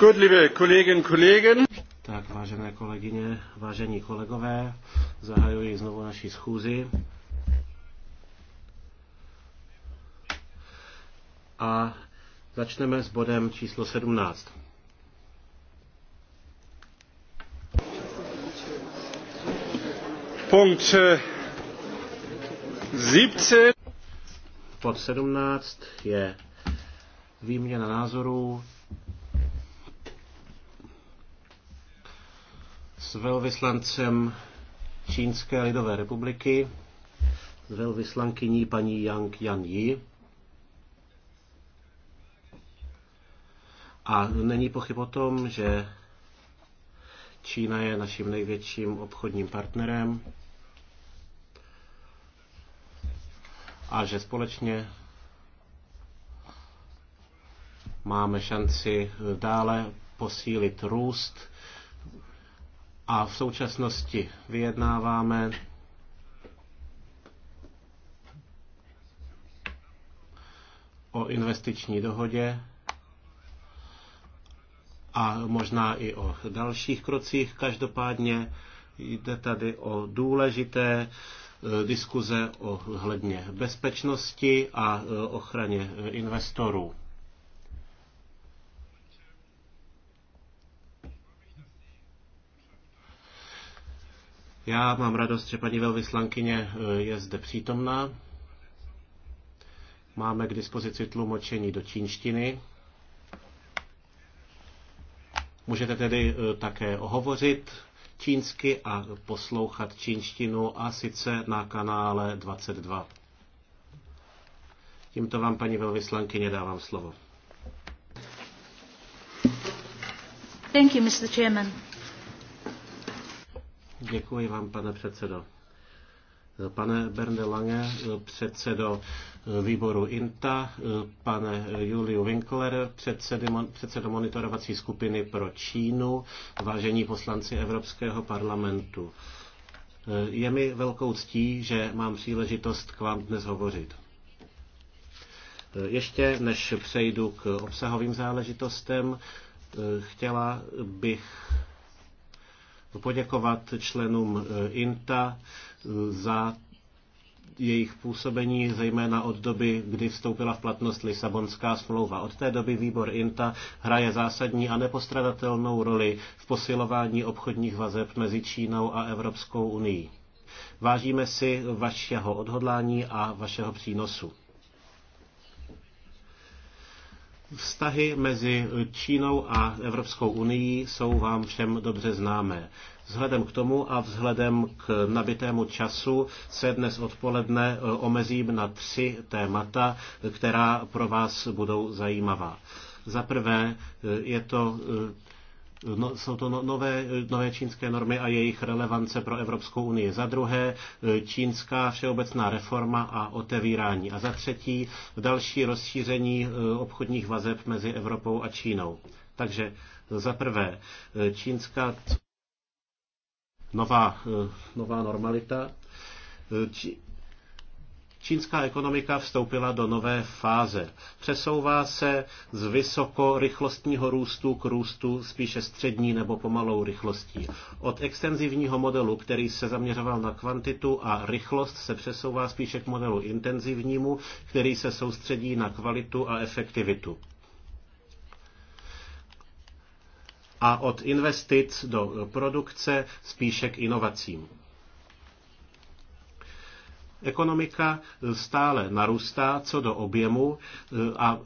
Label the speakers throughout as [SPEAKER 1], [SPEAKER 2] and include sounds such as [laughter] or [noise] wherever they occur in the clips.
[SPEAKER 1] Gut, liebe Kolleginnen Kollegen. Tak, vážené kolegyně, vážení kolegové, zahajuji znovu naši schůzi. A začneme s bodem číslo 17. Punkt 17. Eh, Pod 17 je výměna názorů s velvyslancem Čínské lidové republiky, s velvyslankyní paní Yang Yan Yi. A není pochyb o tom, že Čína je naším největším obchodním partnerem a že společně máme šanci dále posílit růst a v současnosti vyjednáváme o investiční dohodě a možná i o dalších krocích. Každopádně jde tady o důležité e, diskuze o hledně bezpečnosti a e, ochraně e, investorů. Já mám radost, že paní velvyslankyně je zde přítomná. Máme k dispozici tlumočení do čínštiny. Můžete tedy e, také hovořit čínsky a poslouchat čínštinu a sice na kanále 22. Tímto vám, paní velvyslankyně, dávám slovo.
[SPEAKER 2] Thank you, Mr. Chairman.
[SPEAKER 1] Děkuji vám, pane předsedo. Pane Bernde Lange, předsedo výboru INTA, pane Juliu Winkler, předsedo monitorovací skupiny pro Čínu, vážení poslanci Evropského parlamentu. Je mi velkou ctí, že mám příležitost k vám dnes hovořit. Ještě než přejdu k obsahovým záležitostem, chtěla bych poděkovat členům INTA, za jejich působení, zejména od doby, kdy vstoupila v platnost Lisabonská smlouva. Od té doby výbor INTA hraje zásadní a nepostradatelnou roli v posilování obchodních vazeb mezi Čínou a Evropskou unii. Vážíme si vašeho odhodlání a vašeho přínosu. Vztahy mezi Čínou a Evropskou unii jsou vám všem dobře známé. Vzhledem k tomu a vzhledem k nabitému času se dnes odpoledne e, omezím na tři témata, která pro vás budou zajímavá. Za prvé e, je to e, No, jsou to no, nové, nové čínské normy a jejich relevance pro Evropskou unii. Za druhé, čínská všeobecná reforma a otevírání. A za třetí, další rozšíření obchodních vazeb mezi Evropou a Čínou. Takže za prvé, čínská nová, eh, nová normalita. Eh, čínská ekonomika vstoupila do nové fáze. Přesouvá se z vysokorychlostního růstu k růstu spíše střední nebo pomalou rychlostí. Od extenzivního modelu, který se zaměřoval na kvantitu a rychlost, se přesouvá spíše k modelu intenzivnímu, který se soustředí na kvalitu a efektivitu. a od investic do produkce spíše k inovacím. Ekonomika stále narůstá co do objemu e, a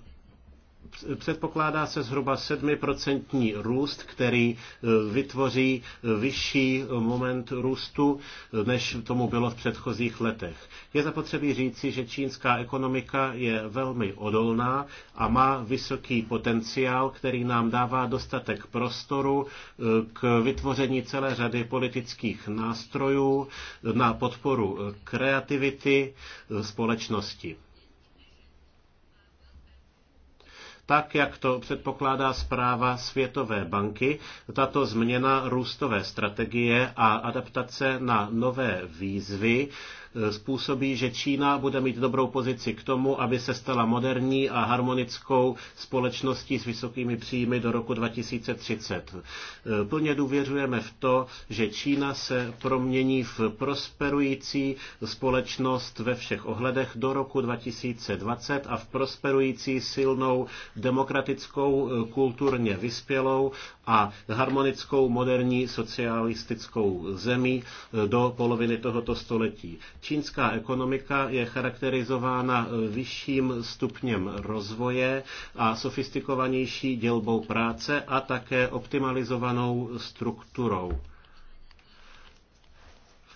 [SPEAKER 1] Předpokládá se zhruba 7% růst, který e, vytvoří e, vyšší e, moment růstu, než tomu bylo v předchozích letech. Je zapotřebí říci, že čínská ekonomika je velmi odolná a má vysoký potenciál, který nám dává dostatek prostoru k vytvoření celé řady politických nástrojů na podporu kreativity společnosti. tak, jak to předpokládá zpráva Světové banky. Tato změna růstové strategie a adaptace na nové výzvy Eh, způsobí, že Čína bude mít dobrou pozici k tomu, aby se stala moderní a harmonickou společností s vysokými příjmy do roku 2030. Eh, plně důvěřujeme v to, že Čína se promění v prosperující společnost ve všech ohledech do roku 2020 a v prosperující silnou demokratickou, eh, kulturně vyspělou a harmonickou moderní socialistickou zemí do poloviny tohoto století. Čínská ekonomika je charakterizována vyšším stupněm rozvoje a sofistikovanější dělbou práce a také optimalizovanou strukturou.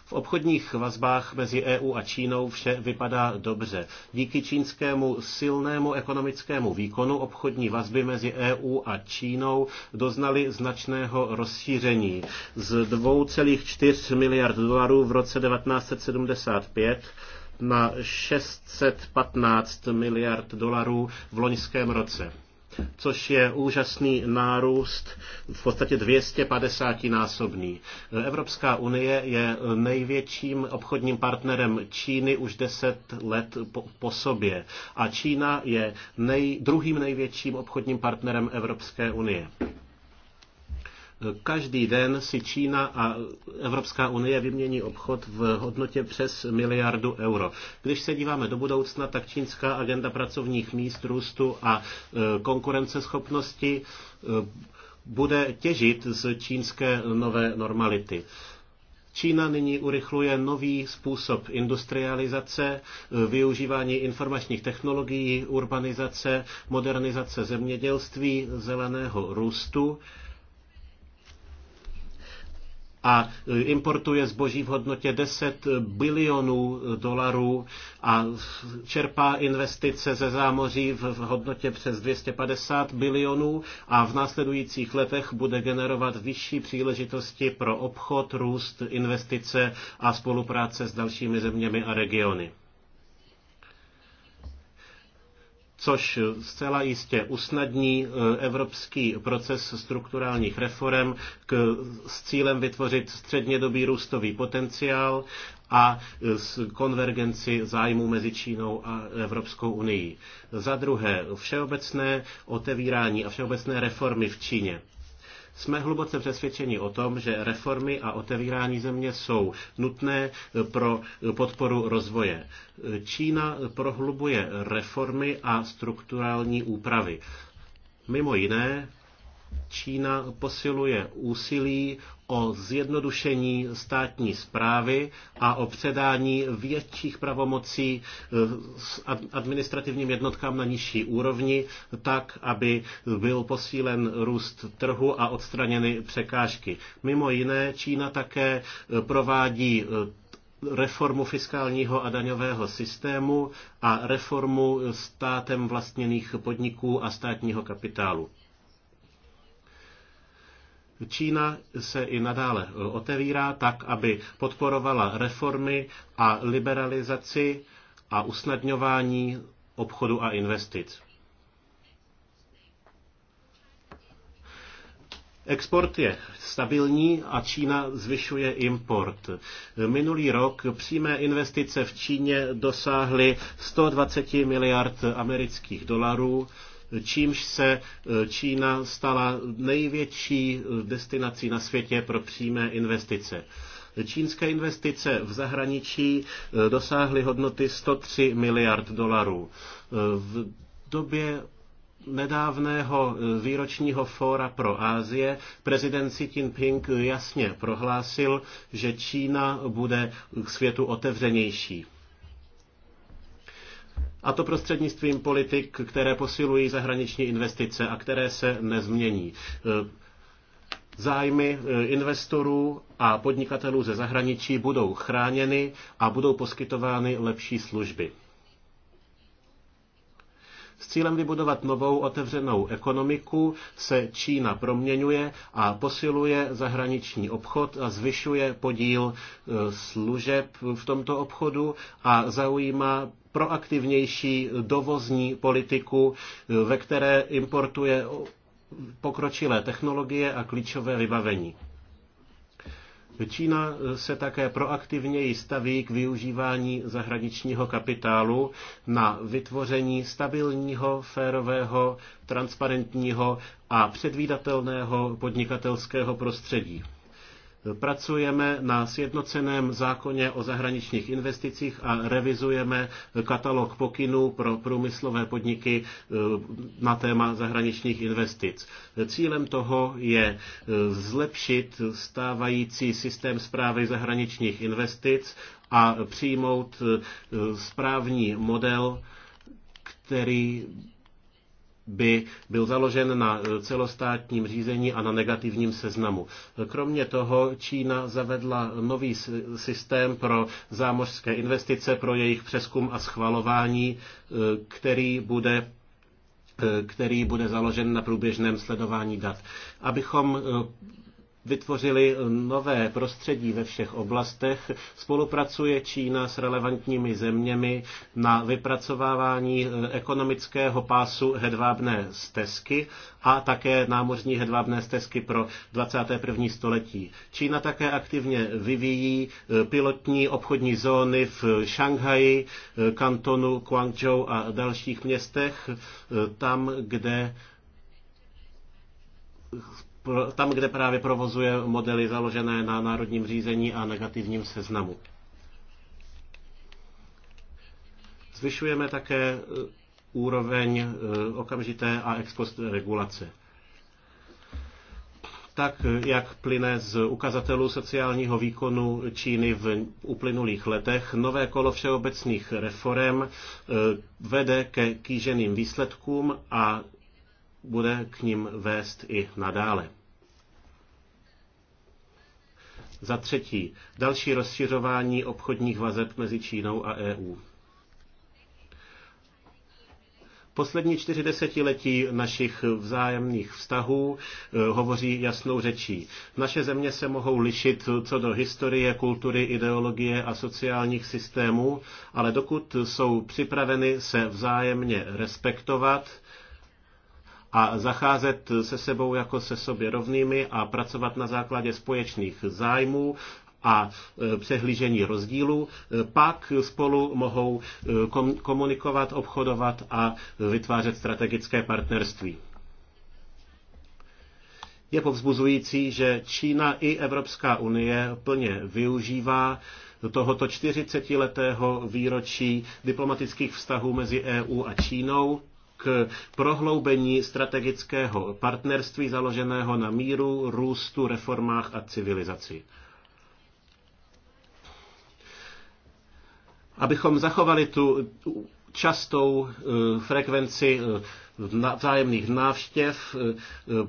[SPEAKER 1] V obchodních vazbách mezi EU a Čínou vše vypadá dobře. Díky čínskému silnému ekonomickému výkonu obchodní vazby mezi EU a Čínou doznaly značného rozšíření z 2,4 miliard dolarů v roce 1975 na 615 miliard dolarů v loňském roce což je úžasný nárůst, v podstatě 250 násobný. Evropská unie je největším obchodním partnerem Číny už 10 let po, po sobě a Čína je nej, druhým největším obchodním partnerem Evropské unie. Každý den si Čína a Evropská unie vymění obchod v hodnotě přes miliardu euro. Když se díváme do budoucna, tak čínská agenda pracovních míst, růstu a e, konkurenceschopnosti e, bude těžit z čínské nové normality. Čína nyní urychluje nový způsob industrializace, e, využívání informačních technologií, urbanizace, modernizace zemědělství, zeleného růstu a e, importuje zboží v hodnotě 10 bilionů dolarů a čerpá investice ze zámoří v hodnotě přes 250 bilionů a v následujících letech bude generovat vyšší příležitosti pro obchod, růst, investice a spolupráce s dalšími zeměmi a regiony. což zcela jistě usnadní e, evropský proces strukturálních reform k, s cílem vytvořit střednědobý růstový potenciál a e, s konvergenci zájmů mezi Čínou a Evropskou unii. Za druhé, všeobecné otevírání a všeobecné reformy v Číně. Jsme hluboce přesvědčeni o tom, že reformy a otevírání země jsou nutné eh, pro eh, podporu rozvoje. Eh, Čína prohlubuje reformy a strukturální úpravy. Mimo jiné Čína posiluje úsilí o zjednodušení státní zprávy a o předání větších pravomocí eh, administrativním jednotkám na nižší úrovni, tak, aby byl posílen růst trhu a odstraněny překážky. Mimo jiné Čína také eh, provádí eh, reformu fiskálního a daňového systému a reformu státem vlastněných podniků a státního kapitálu. Čína se i nadále e, otevírá tak, aby podporovala reformy a liberalizaci a usnadňování obchodu a investic. Export je stabilní a Čína zvyšuje import. Minulý rok přímé investice v Číně dosáhly 120 miliard amerických dolarů čímž se e, Čína stala největší e, destinací na světě pro přímé investice. Čínské investice v zahraničí e, dosáhly hodnoty 103 miliard dolarů. V době nedávného výročního fóra pro Ázie prezident Xi Jinping jasně prohlásil, že Čína bude k světu otevřenější. A to prostřednictvím politik, které posilují zahraniční investice a které se nezmění. E, zájmy e, investorů a podnikatelů ze zahraničí budou chráněny a budou poskytovány lepší služby. S cílem vybudovat novou otevřenou ekonomiku se Čína proměňuje a posiluje zahraniční obchod a zvyšuje podíl e, služeb v tomto obchodu a zaujímá proaktivnější dovozní politiku, e, ve které importuje pokročilé technologie a klíčové vybavení. Čína eh, se také proaktivněji staví k využívání zahraničního kapitálu na vytvoření stabilního, férového, transparentního a předvídatelného podnikatelského prostředí. Pracujeme na sjednoceném zákoně o zahraničních investicích a revizujeme katalog pokynů pro průmyslové podniky e, na téma zahraničních investic. Cílem toho je e, zlepšit stávající systém zprávy zahraničních investic a přijmout e, správní model, který by byl založen na eh, celostátním řízení a na negativním seznamu. Kromě toho Čína zavedla nový systém pro zámořské investice, pro jejich přeskum a schvalování, eh, který bude eh, který bude založen na průběžném sledování dat. Abychom vytvořili nové prostředí ve všech oblastech. Spolupracuje Čína s relevantními zeměmi na vypracovávání eh, ekonomického pásu hedvábné stezky a také námořní hedvábné stezky pro 21. století. Čína také aktivně vyvíjí eh, pilotní obchodní zóny v Šanghaji, eh, kantonu Guangzhou a dalších městech, tam, kde tam, kde právě provozuje modely založené na národním řízení a negativním seznamu. Zvyšujeme také e, úroveň e, okamžité a ex post regulace. Tak, e, jak plyne z ukazatelů sociálního výkonu Číny v uplynulých letech, nové kolo všeobecných reform vede ke kýženým výsledkům a bude k ním vést i nadále. Za třetí, další rozšiřování obchodních vazeb mezi Čínou a EU. Poslední čtyři desetiletí našich vzájemných vztahů eh, hovoří jasnou řečí. Naše země se mohou lišit co do historie, kultury, ideologie a sociálních systémů, ale dokud jsou připraveny se vzájemně respektovat, a zacházet se sebou jako se sobě rovnými a pracovat na základě společných zájmů a e, přehlížení rozdílů, e, pak spolu mohou e, komunikovat, obchodovat a vytvářet strategické partnerství. Je povzbuzující, že Čína i Evropská unie plně využívá tohoto 40-letého výročí diplomatických vztahů mezi EU a Čínou prohloubení strategického partnerství založeného na míru, růstu, reformách a civilizaci. Abychom zachovali tu častou eh, frekvenci eh, vzájemných návštěv, eh,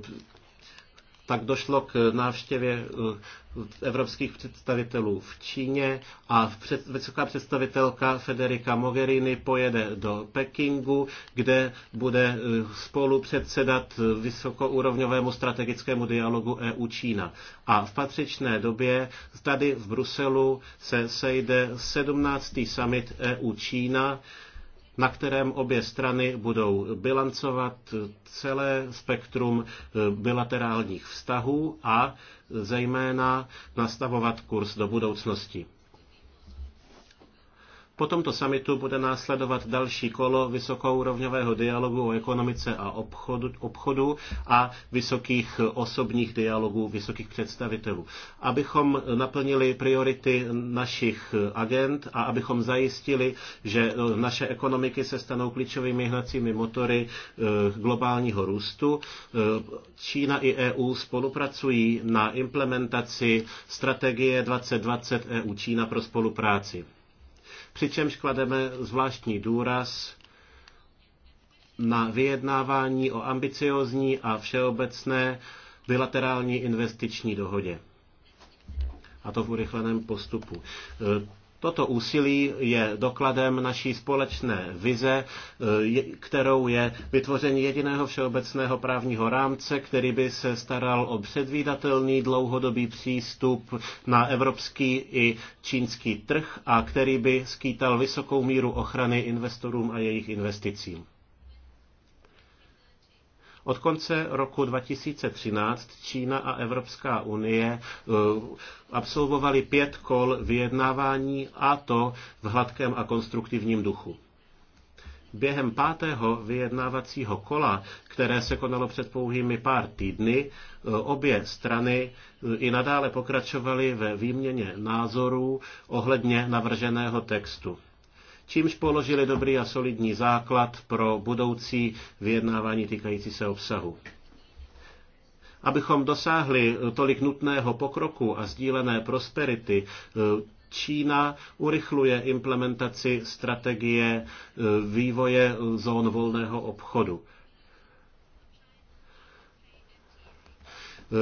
[SPEAKER 1] tak došlo k návštěvě eh, evropských představitelů v Číně a před, vysoká představitelka Federica Mogherini pojede do Pekingu, kde bude eh, spolu předsedat eh, vysokourovňovému strategickému dialogu EU-Čína. A v patřičné době tady v Bruselu se sejde 17. summit EU-Čína, na kterém obě strany budou bilancovat celé spektrum eh, bilaterálních vztahů a zejména nastavovat kurz do budoucnosti. Po tomto samitu bude následovat další kolo vysokourovňového dialogu o ekonomice a obchodu, obchodu a vysokých osobních dialogů vysokých představitelů. Abychom naplnili priority našich agent a abychom zajistili, že e, naše ekonomiky se stanou klíčovými hnacími motory e, globálního růstu, e, Čína i EU spolupracují na implementaci strategie 2020 EU Čína pro spolupráci přičemž klademe zvláštní důraz na vyjednávání o ambiciozní a všeobecné bilaterální investiční dohodě. A to v urychleném postupu. Toto úsilí je dokladem naší společné vize, eh, kterou je vytvoření jediného všeobecného právního rámce, který by se staral o předvídatelný dlouhodobý přístup na evropský i čínský trh a který by skýtal vysokou míru ochrany investorům a jejich investicím. Od konce roku 2013 Čína a Evropská unie e, absolvovali pět kol vyjednávání a to v hladkém a konstruktivním duchu. Během pátého vyjednávacího kola, které se konalo před pouhými pár týdny, e, obě strany e, i nadále pokračovaly ve výměně názorů ohledně navrženého textu čímž položili dobrý a solidní základ pro budoucí vyjednávání týkající se obsahu. Abychom dosáhli tolik nutného pokroku a sdílené prosperity, e, Čína urychluje implementaci strategie e, vývoje zón volného obchodu.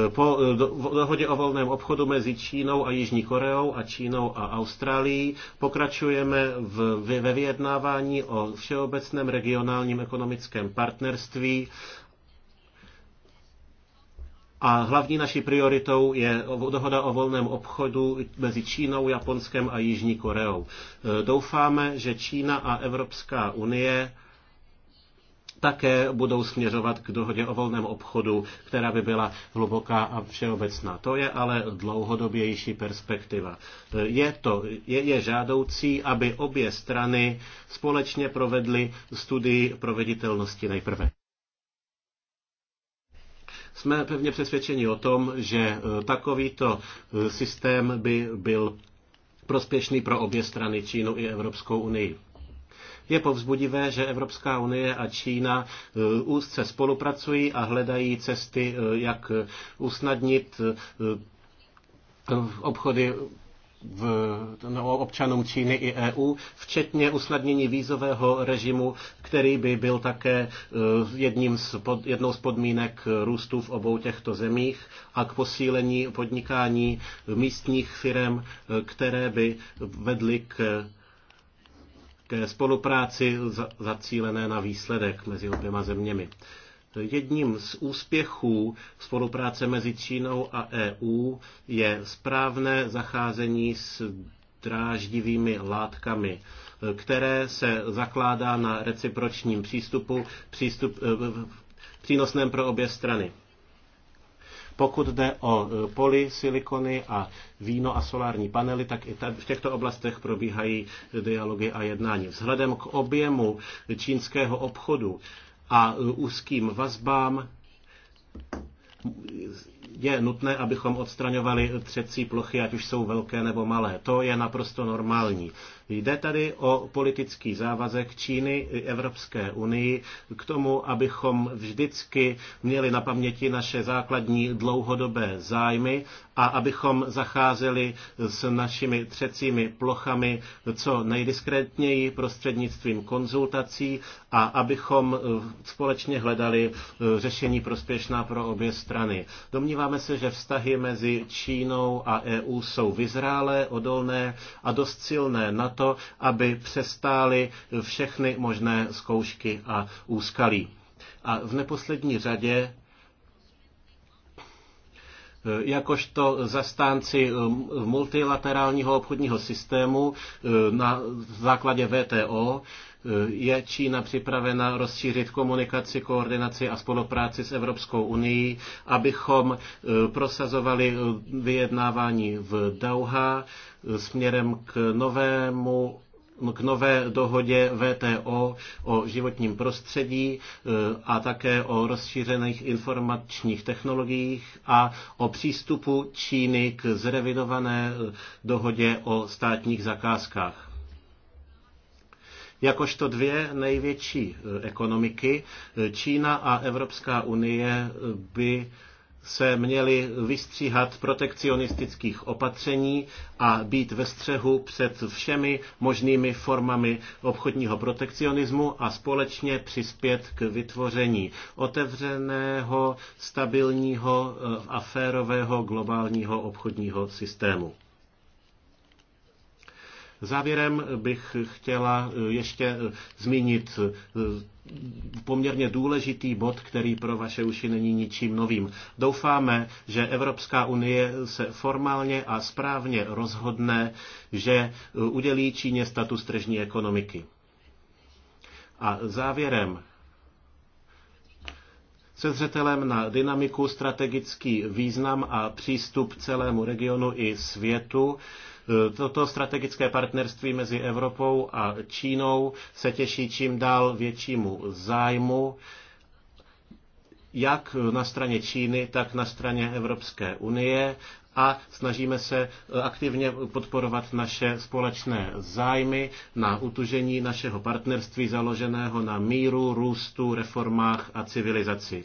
[SPEAKER 1] Po eh, dohodě o volném obchodu mezi Čínou a Jižní Koreou a Čínou a Austrálií pokračujeme v, ve vyjednávání o všeobecném regionálním ekonomickém partnerství a hlavní naší prioritou je dohoda o volném obchodu mezi Čínou, Japonskem a Jižní Koreou. Eh, doufáme, že Čína a Evropská unie také budou směřovat k dohodě o volném obchodu, která by byla hluboká a všeobecná. To je ale dlouhodobější perspektiva. Je, to, je, je žádoucí, aby obě strany společně provedly studii proveditelnosti nejprve. Jsme pevně přesvědčeni o tom, že e, takovýto e, systém by byl prospěšný pro obě strany, Čínu i Evropskou unii. Je povzbudivé, že Evropská unie a Čína eh, úzce spolupracují a hledají cesty, eh, jak usnadnit eh, obchody v, no, občanům Číny i EU, včetně usnadnění vízového režimu, který by byl také jedním z pod, jednou z podmínek růstu v obou těchto zemích a k posílení podnikání místních firm, které by vedly k ke spolupráci zacílené na výsledek mezi oběma zeměmi. Jedním z úspěchů spolupráce mezi Čínou a EU je správné zacházení s dráždivými látkami, které se zakládá na recipročním přístupu, přístup, eh, přínosném pro obě strany. Pokud jde o e, polysilikony silikony a víno a solární panely, tak i v těchto oblastech probíhají dialogy a jednání. Vzhledem k objemu čínského obchodu a e, úzkým vazbám je nutné, abychom odstraňovali třecí plochy, ať už jsou velké nebo malé. To je naprosto normální. Jde tady o politický závazek Číny i Evropské unii k tomu, abychom vždycky měli na paměti naše základní dlouhodobé zájmy a abychom zacházeli s našimi třecími plochami co nejdiskrétněji prostřednictvím konzultací a abychom eh, společně hledali eh, řešení prospěšná pro obě strany. Domníváme se, že vztahy mezi Čínou a EU jsou vyzrálé, odolné a dost silné na to, aby přestáli všechny možné zkoušky a úskalí. A v neposlední řadě eh, jakožto zastánci eh, multilaterálního obchodního systému eh, na základě VTO je Čína připravena rozšířit komunikaci, koordinaci a spolupráci s Evropskou unii, abychom eh, prosazovali eh, vyjednávání v Dauha eh, směrem k novému k nové dohodě VTO o životním prostředí a také o rozšířených informačních technologiích a o přístupu Číny k zrevidované dohodě o státních zakázkách. Jakožto dvě největší eh, ekonomiky, Čína a Evropská unie eh, by se měli vystříhat protekcionistických opatření a být ve střehu před všemi možnými formami obchodního protekcionismu a společně přispět k vytvoření otevřeného, stabilního eh, a férového globálního obchodního systému. Závěrem bych chtěla eh, ještě eh, zmínit eh, poměrně důležitý bod, který pro vaše uši není ničím novým. Doufáme, že Evropská unie se formálně a správně rozhodne, že udělí Číně status tržní ekonomiky. A závěrem se zřetelem na dynamiku, strategický význam a přístup celému regionu i světu. Toto strategické partnerství mezi Evropou a Čínou se těší čím dál většímu zájmu jak na straně Číny, tak na straně Evropské unie a snažíme se eh, aktivně podporovat naše společné zájmy na utužení našeho partnerství založeného na míru, růstu, reformách a civilizaci.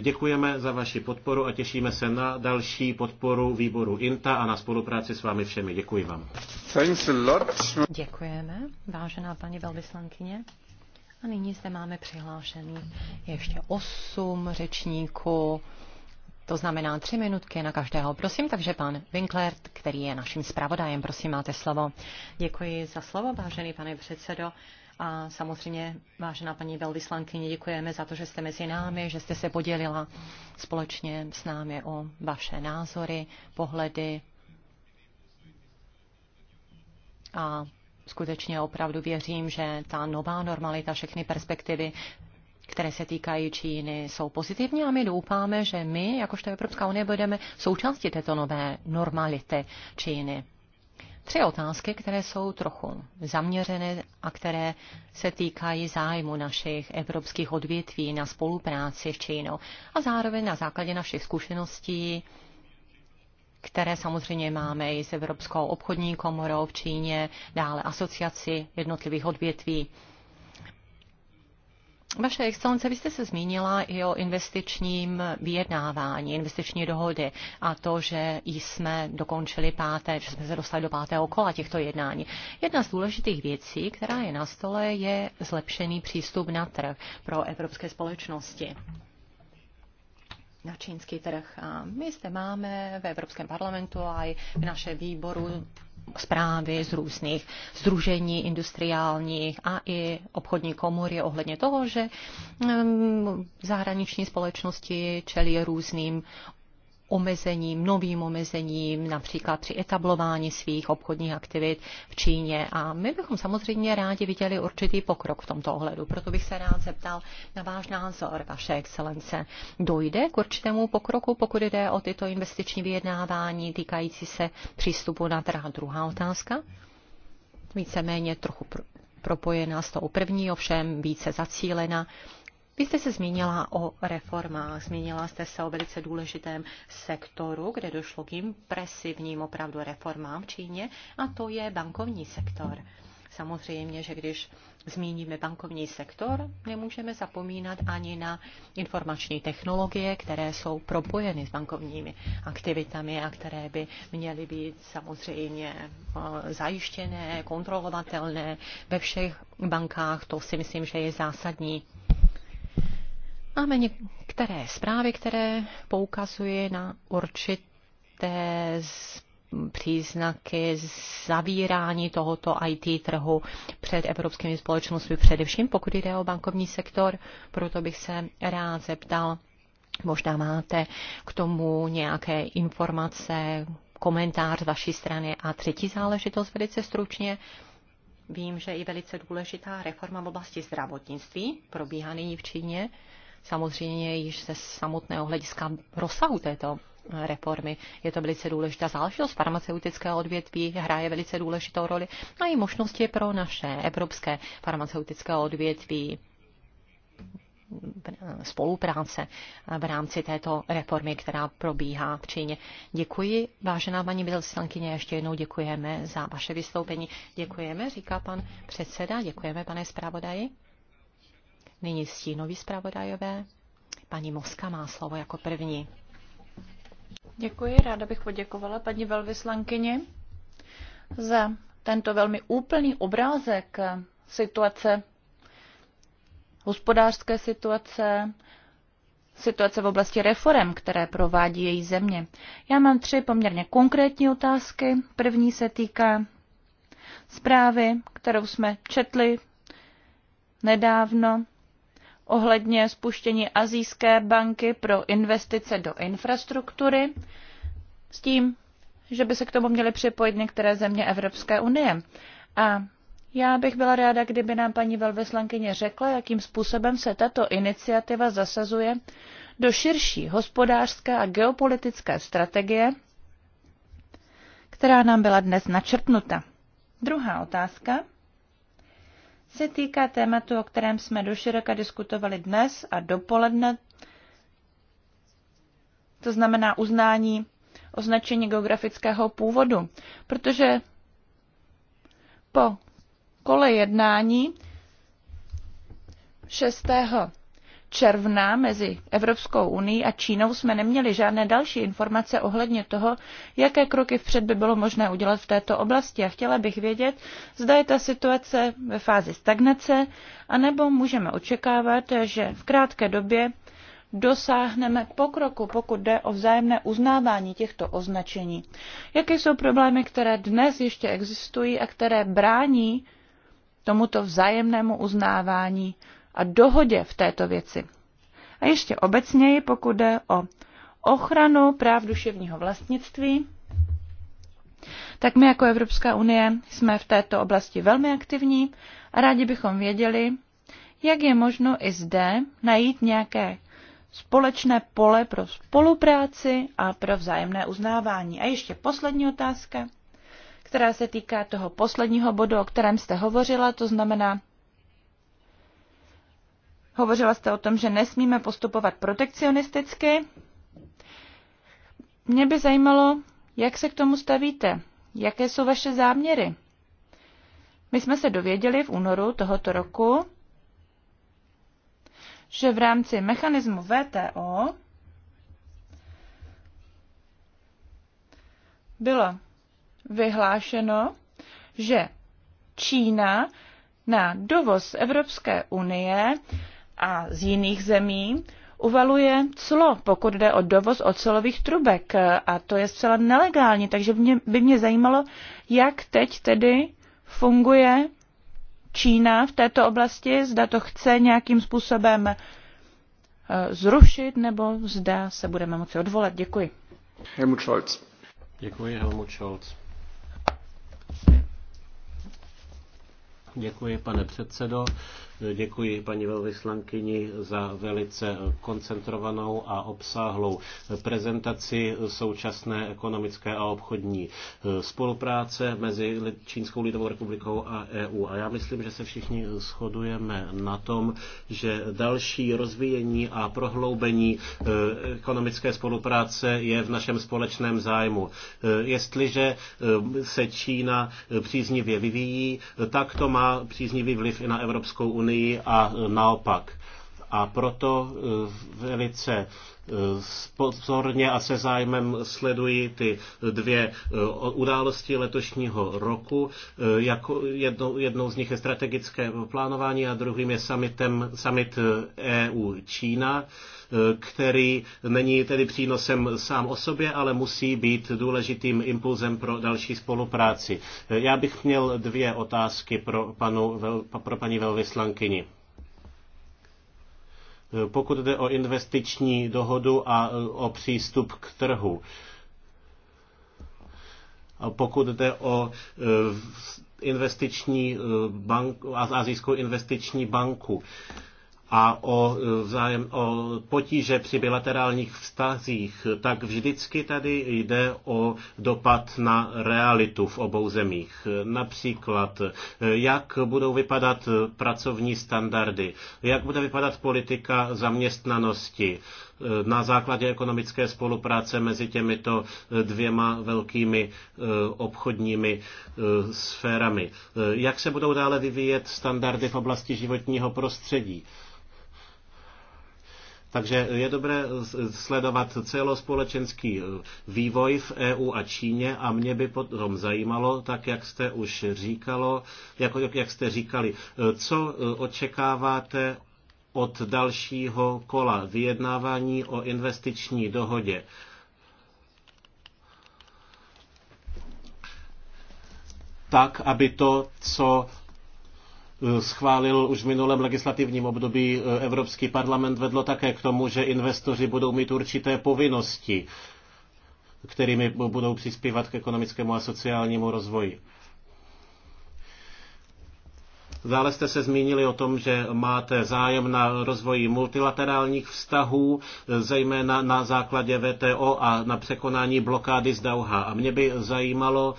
[SPEAKER 1] Děkujeme za vaši podporu a těšíme se na další podporu výboru INTA a na spolupráci s vámi všemi. Děkuji vám. Thanks a lot.
[SPEAKER 3] Děkujeme, vážená paní velvyslankyně. A nyní zde máme přihlášený ještě osm řečníků. To znamená tři minutky na každého. Prosím, takže pan Winkler, který je naším zpravodajem, prosím, máte slovo. Děkuji za slovo, vážený pane předsedo. A samozřejmě, vážená paní velvyslankyně, děkujeme za to, že jste mezi námi, že jste se podělila společně s námi o vaše názory, pohledy. A skutečně opravdu věřím, že ta nová normalita, všechny perspektivy které se týkají Číny, jsou pozitivní a my doufáme, že my, jakožto Evropská unie, budeme součástí této nové normality Číny. Tři otázky, které jsou trochu zaměřené a které se týkají zájmu našich evropských odvětví na spolupráci s Čínou a zároveň na základě našich zkušeností, které samozřejmě máme i s Evropskou obchodní komorou v Číně, dále asociaci jednotlivých odvětví vaše excelence, vy jste se zmínila i o investičním vyjednávání, investiční dohody a to, že jsme dokončili páté, že jsme se dostali do pátého kola těchto jednání. Jedna z důležitých věcí, která je na stole, je zlepšený přístup na trh pro evropské společnosti na čínský trh. A my zde máme v Evropském parlamentu a i v našem výboru zprávy z různých združení industriálních a i obchodní komory ohledně toho, že mm, zahraniční společnosti čelí různým omezením, novým omezením, například při etablování svých obchodních aktivit v Číně. A my bychom samozřejmě rádi viděli určitý pokrok v tomto ohledu. Proto bych se rád zeptal na váš názor, vaše excelence. Dojde k určitému pokroku, pokud jde o tyto investiční vyjednávání týkající se přístupu na trh? Druhá otázka. Víceméně trochu propojená s tou první, ovšem více zacílena vy jste se zmínila o reformách, zmínila jste se o velice důležitém sektoru, kde došlo k impresivním opravdu reformám v Číně, a to je bankovní sektor. Samozřejmě, že když zmíníme bankovní sektor, nemůžeme zapomínat ani na informační technologie, které jsou propojeny s bankovními aktivitami a které by měly být samozřejmě eh, zajištěné, kontrolovatelné ve všech bankách. To si myslím, že je zásadní. Máme některé zprávy, které poukazují na určité příznaky zavírání tohoto IT trhu před evropskými společnostmi, především pokud jde o bankovní sektor. Proto bych se rád zeptal, možná máte k tomu nějaké informace, komentář z vaší strany. A třetí záležitost velice stručně. Vím, že i velice důležitá reforma v oblasti zdravotnictví probíhá nyní v Číně samozřejmě již ze samotného hlediska rozsahu této eh, reformy. Je to velice důležitá záležitost. farmaceutického odvětví hraje velice důležitou roli no a i možnosti pro naše evropské farmaceutické odvětví eh, spolupráce eh, v rámci této reformy, která probíhá v Číně. Děkuji, vážená paní Bělstankyně, ještě jednou děkujeme za vaše vystoupení. Děkujeme, říká pan předseda, děkujeme, pane zpravodaji. Nyní stínoví zpravodajové. Paní Moska má slovo jako první.
[SPEAKER 2] Děkuji, ráda bych poděkovala paní velvyslankyni za tento velmi úplný obrázek situace, hospodářské situace, situace v oblasti reform, které provádí její země. Já mám tři poměrně konkrétní otázky. První se týká zprávy, kterou jsme četli nedávno ohledně spuštění Azijské banky pro investice do infrastruktury s tím, že by se k tomu měly připojit některé země Evropské unie. A já bych byla ráda, kdyby nám paní velvyslankyně řekla, jakým způsobem se tato iniciativa zasazuje do širší hospodářské a geopolitické strategie, která nám byla dnes načrtnuta. Druhá otázka se týká tématu, o kterém jsme doširoka diskutovali dnes a dopoledne, to znamená uznání označení geografického původu, protože po kole jednání 6 června mezi Evropskou unii a Čínou jsme neměli žádné další informace ohledně toho, jaké kroky vpřed by bylo možné udělat v této oblasti a chtěla bych vědět, zda je ta situace ve fázi stagnace, anebo můžeme očekávat, že v krátké době dosáhneme pokroku, pokud jde o vzájemné uznávání těchto označení. Jaké jsou problémy, které dnes ještě existují a které brání tomuto vzájemnému uznávání a dohodě v této věci. A ještě obecněji, pokud jde o ochranu práv duševního vlastnictví, tak my jako Evropská unie jsme v této oblasti velmi aktivní a rádi bychom věděli, jak je možno i zde najít nějaké společné pole pro spolupráci a pro vzájemné uznávání. A ještě poslední otázka, která se týká toho posledního bodu, o kterém jste hovořila, to znamená Hovořila jste o tom, že nesmíme postupovat protekcionisticky. Mě by zajímalo, jak se k tomu stavíte, jaké jsou vaše záměry. My jsme se dověděli v únoru tohoto roku, že v rámci mechanismu VTO bylo vyhlášeno, že Čína na dovoz Evropské unie a z jiných zemí uvaluje clo, pokud jde o dovoz ocelových trubek. A to je zcela nelegální, takže mě, by mě zajímalo, jak teď tedy funguje Čína v této oblasti, zda to chce nějakým způsobem eh, zrušit, nebo zda se budeme moci odvolat. Děkuji.
[SPEAKER 1] Helmut Scholz. Děkuji, Helmut Scholz. Děkuji, pane předsedo. Děkuji paní velvyslankyni za velice koncentrovanou a obsáhlou prezentaci současné ekonomické a obchodní eh, spolupráce mezi Čínskou lidovou republikou a EU. A já myslím, že se všichni shodujeme na tom, že další rozvíjení a prohloubení eh, ekonomické spolupráce je v našem společném zájmu. Eh, jestliže se Čína příznivě vyvíjí, tak to má příznivý vliv i na Evropskou unii unii a naopak. A proto eh, velice eh, pozorně a se zájmem sledují ty dvě eh, události letošního roku. Jako jednou, jednou z nich je strategické plánování a druhým je summitem, summit EU-Čína e který není tedy přínosem sám o sobě, ale musí být důležitým impulzem pro další spolupráci. Já bych měl dvě otázky pro, panu, pro paní velvyslankyni pokud jde o investiční dohodu a e, o přístup k trhu. A pokud jde o e, investiční e, banku, Azijskou investiční banku a o, e, zájem, o potíže při bilaterálních vztazích, tak vždycky tady jde o dopad na realitu v obou zemích. Například, e, jak budou vypadat pracovní standardy, jak bude vypadat politika zaměstnanosti e, na základě ekonomické spolupráce mezi těmito dvěma velkými obchodními sférami. Jak se budou dále vyvíjet standardy v oblasti životního prostředí? Takže je dobré sledovat celospolečenský eh, vývoj v EU a Číně a mě by potom zajímalo, tak jak jste už říkalo, jako, jak jste říkali, eh, co eh, očekáváte od dalšího kola vyjednávání o investiční dohodě. tak, aby to, co Eh, schválil už v minulém legislativním období eh, Evropský parlament, vedlo také k tomu, že investoři budou mít určité povinnosti, kterými budou přispívat k ekonomickému a sociálnímu rozvoji. Dále jste se zmínili o tom, že máte zájem na rozvoji multilaterálních vztahů, eh, zejména na základě VTO a na překonání blokády z Dauha. A mě by zajímalo,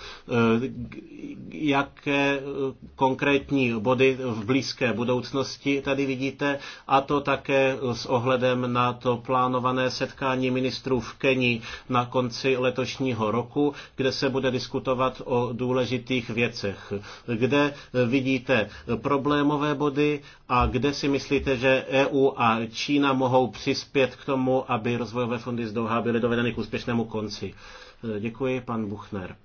[SPEAKER 1] jaké eh, konkrétní body v blízké budoucnosti tady vidíte a to také s ohledem na to plánované setkání ministrů v Keni na konci letošního roku, kde se bude diskutovat o důležitých věcech. Kde eh, vidíte problémové body a kde si myslíte, že EU a Čína mohou přispět k tomu, aby rozvojové fondy z Doha byly dovedeny k úspěšnému konci. Eh, děkuji, pan Buchner.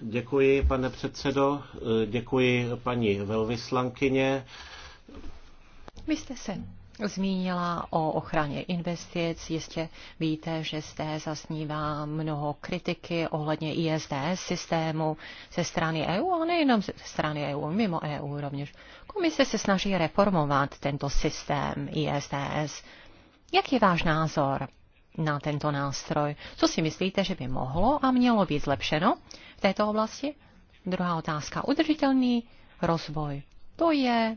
[SPEAKER 1] Děkuji, pane předsedo, děkuji paní velvyslankyně.
[SPEAKER 3] Vy jste se zmínila o ochraně investic. Jistě víte, že zde zasnívá mnoho kritiky ohledně ISDS systému ze strany EU, a nejenom ze strany EU, mimo EU rovněž. Komise se snaží reformovat tento systém ISDS. Jaký je váš názor na tento nástroj. Co si myslíte, že by mohlo a mělo být zlepšeno v této oblasti? Druhá otázka. Udržitelný rozvoj. To je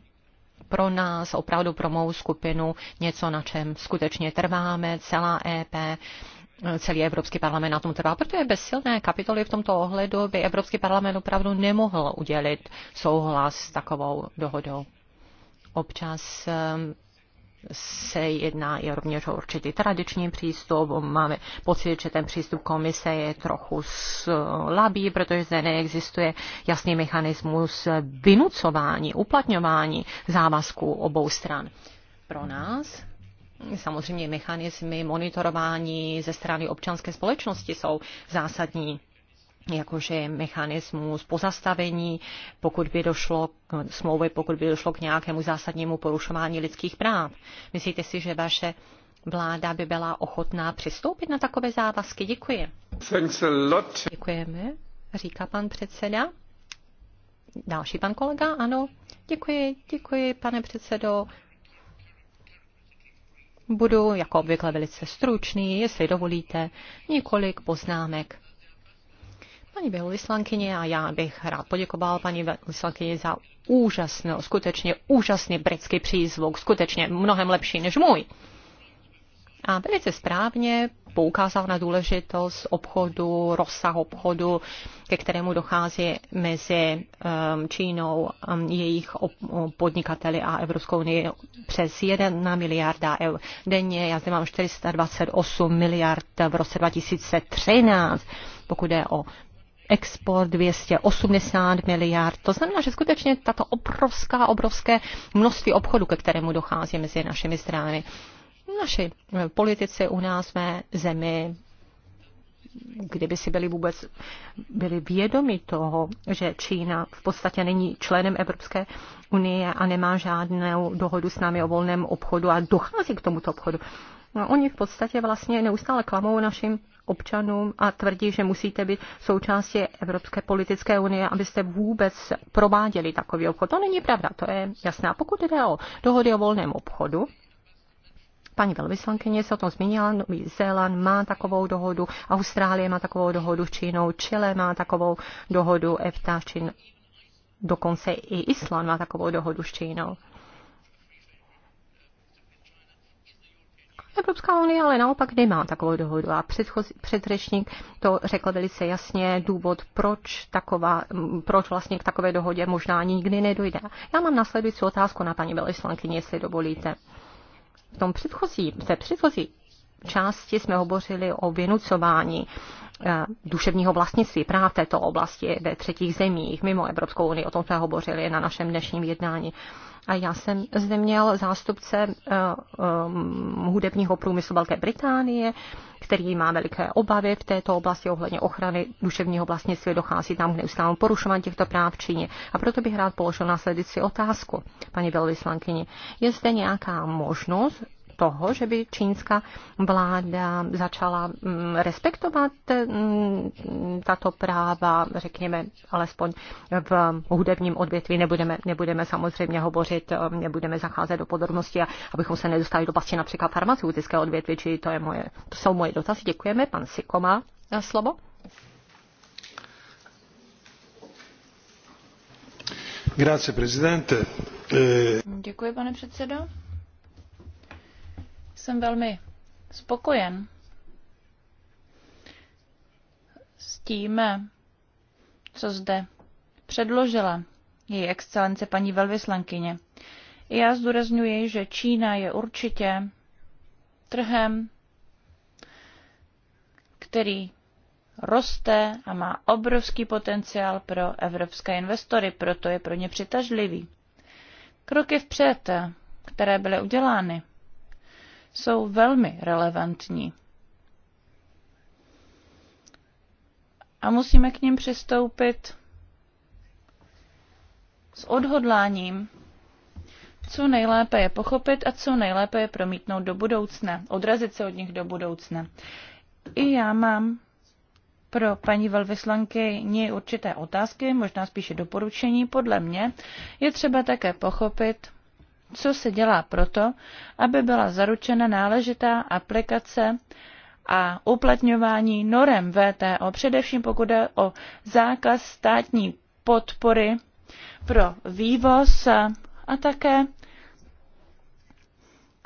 [SPEAKER 3] pro nás, opravdu pro mou skupinu, něco, na čem skutečně trváme, celá EP, celý Evropský parlament na tom trvá, protože bez silné kapitoly v tomto ohledu by Evropský parlament opravdu nemohl udělit souhlas s takovou dohodou. Občas se jedná i rovněž o určitý tradiční přístup. Máme pocit, že ten přístup komise je trochu slabý, protože zde neexistuje jasný mechanismus vynucování, uplatňování závazků obou stran. Pro nás samozřejmě mechanismy monitorování ze strany občanské společnosti jsou zásadní jakože mechanismus pozastavení, pokud by došlo k smlouvy, pokud by došlo k nějakému zásadnímu porušování lidských práv. Myslíte si, že vaše vláda by byla ochotná přistoupit na takové závazky? Děkuji.
[SPEAKER 1] Thanks a lot.
[SPEAKER 3] Děkujeme, říká pan předseda. Další pan kolega, ano. Děkuji, děkuji, pane předsedo. Budu jako obvykle velice stručný, jestli dovolíte, několik poznámek Pani velvyslankyně a já bych rád poděkoval paní velvyslankyni za úžasný, skutečně úžasný britský přízvuk, skutečně mnohem lepší než můj. A velice správně poukázal na důležitost obchodu, rozsah obchodu, ke kterému dochází mezi um, Čínou, um, jejich podnikateli a Evropskou unii přes 1 miliarda eur denně. Já zde mám 428 miliard v roce 2013, pokud je o export 280 miliard. To znamená, že skutečně tato obrovská, obrovské množství obchodu, ke kterému dochází mezi našimi stranami. Naši eh, politici u nás ve zemi kdyby si byli vůbec byli vědomi toho, že Čína v podstatě není členem Evropské unie a nemá žádnou dohodu s námi o volném obchodu a dochází k tomuto obchodu. No, oni v podstatě vlastně neustále klamou našim občanům a tvrdí, že musíte být součástí Evropské politické unie, abyste vůbec prováděli takový obchod. To není pravda, to je jasné. A pokud jde o dohody o volném obchodu, paní velvyslankyně se o tom zmínila, Nový Zéland má takovou dohodu, Austrálie má takovou dohodu s Čínou, Chile má takovou dohodu, EFTA s Čínou. Dokonce i Island má takovou dohodu s Čínou. Evropská unie ale naopak nemá takovou dohodu a předchozí, předřečník to řekl velice jasně, důvod, proč, taková, proč vlastně k takové dohodě možná nikdy nedojde. Já mám následující otázku na paní velvyslankyni, jestli dovolíte. V tom předchozí, v té předchozí části jsme hovořili o vynucování eh, duševního vlastnictví práv této oblasti ve třetích zemích mimo Evropskou unii. O tom jsme hovořili na našem dnešním jednání. A já jsem zde měl zástupce um, hudebního průmyslu Velké Británie, který má veliké obavy v této oblasti ohledně ochrany duševního vlastnictví. Dochází tam k neustálému porušování těchto práv v Číně. A proto bych rád položil následující otázku, paní velvyslankyni. Je zde nějaká možnost toho, že by čínská vláda začala mm, respektovat mm, tato práva, řekněme, alespoň v hudebním odvětví. Nebudeme, nebudeme samozřejmě hovořit, eh, nebudeme zacházet do podrobností, abychom se nedostali do pasti například farmaceutické odvětví, či to, je moje, to jsou moje dotazy. Děkujeme. Pan Siko má
[SPEAKER 2] eh, slovo. Eh, Děkuji, pane předsedo. Jsem velmi spokojen s tím, co zde předložila její excelence paní velvyslankyně. Já zdůrazňuji, že Čína je určitě trhem, který roste a má obrovský potenciál pro evropské investory, proto je pro ně přitažlivý. Kroky vpřed, které byly udělány, jsou velmi relevantní. A musíme k ním přistoupit s odhodláním, co nejlépe je pochopit a co nejlépe je promítnout do budoucna, odrazit se od nich do budoucna. I já mám pro paní ní určité otázky, možná spíše doporučení. Podle mě je třeba také pochopit, co se dělá proto, aby byla zaručena náležitá aplikace a uplatňování norem VTO, především pokud jde o zákaz státní podpory pro vývoz a také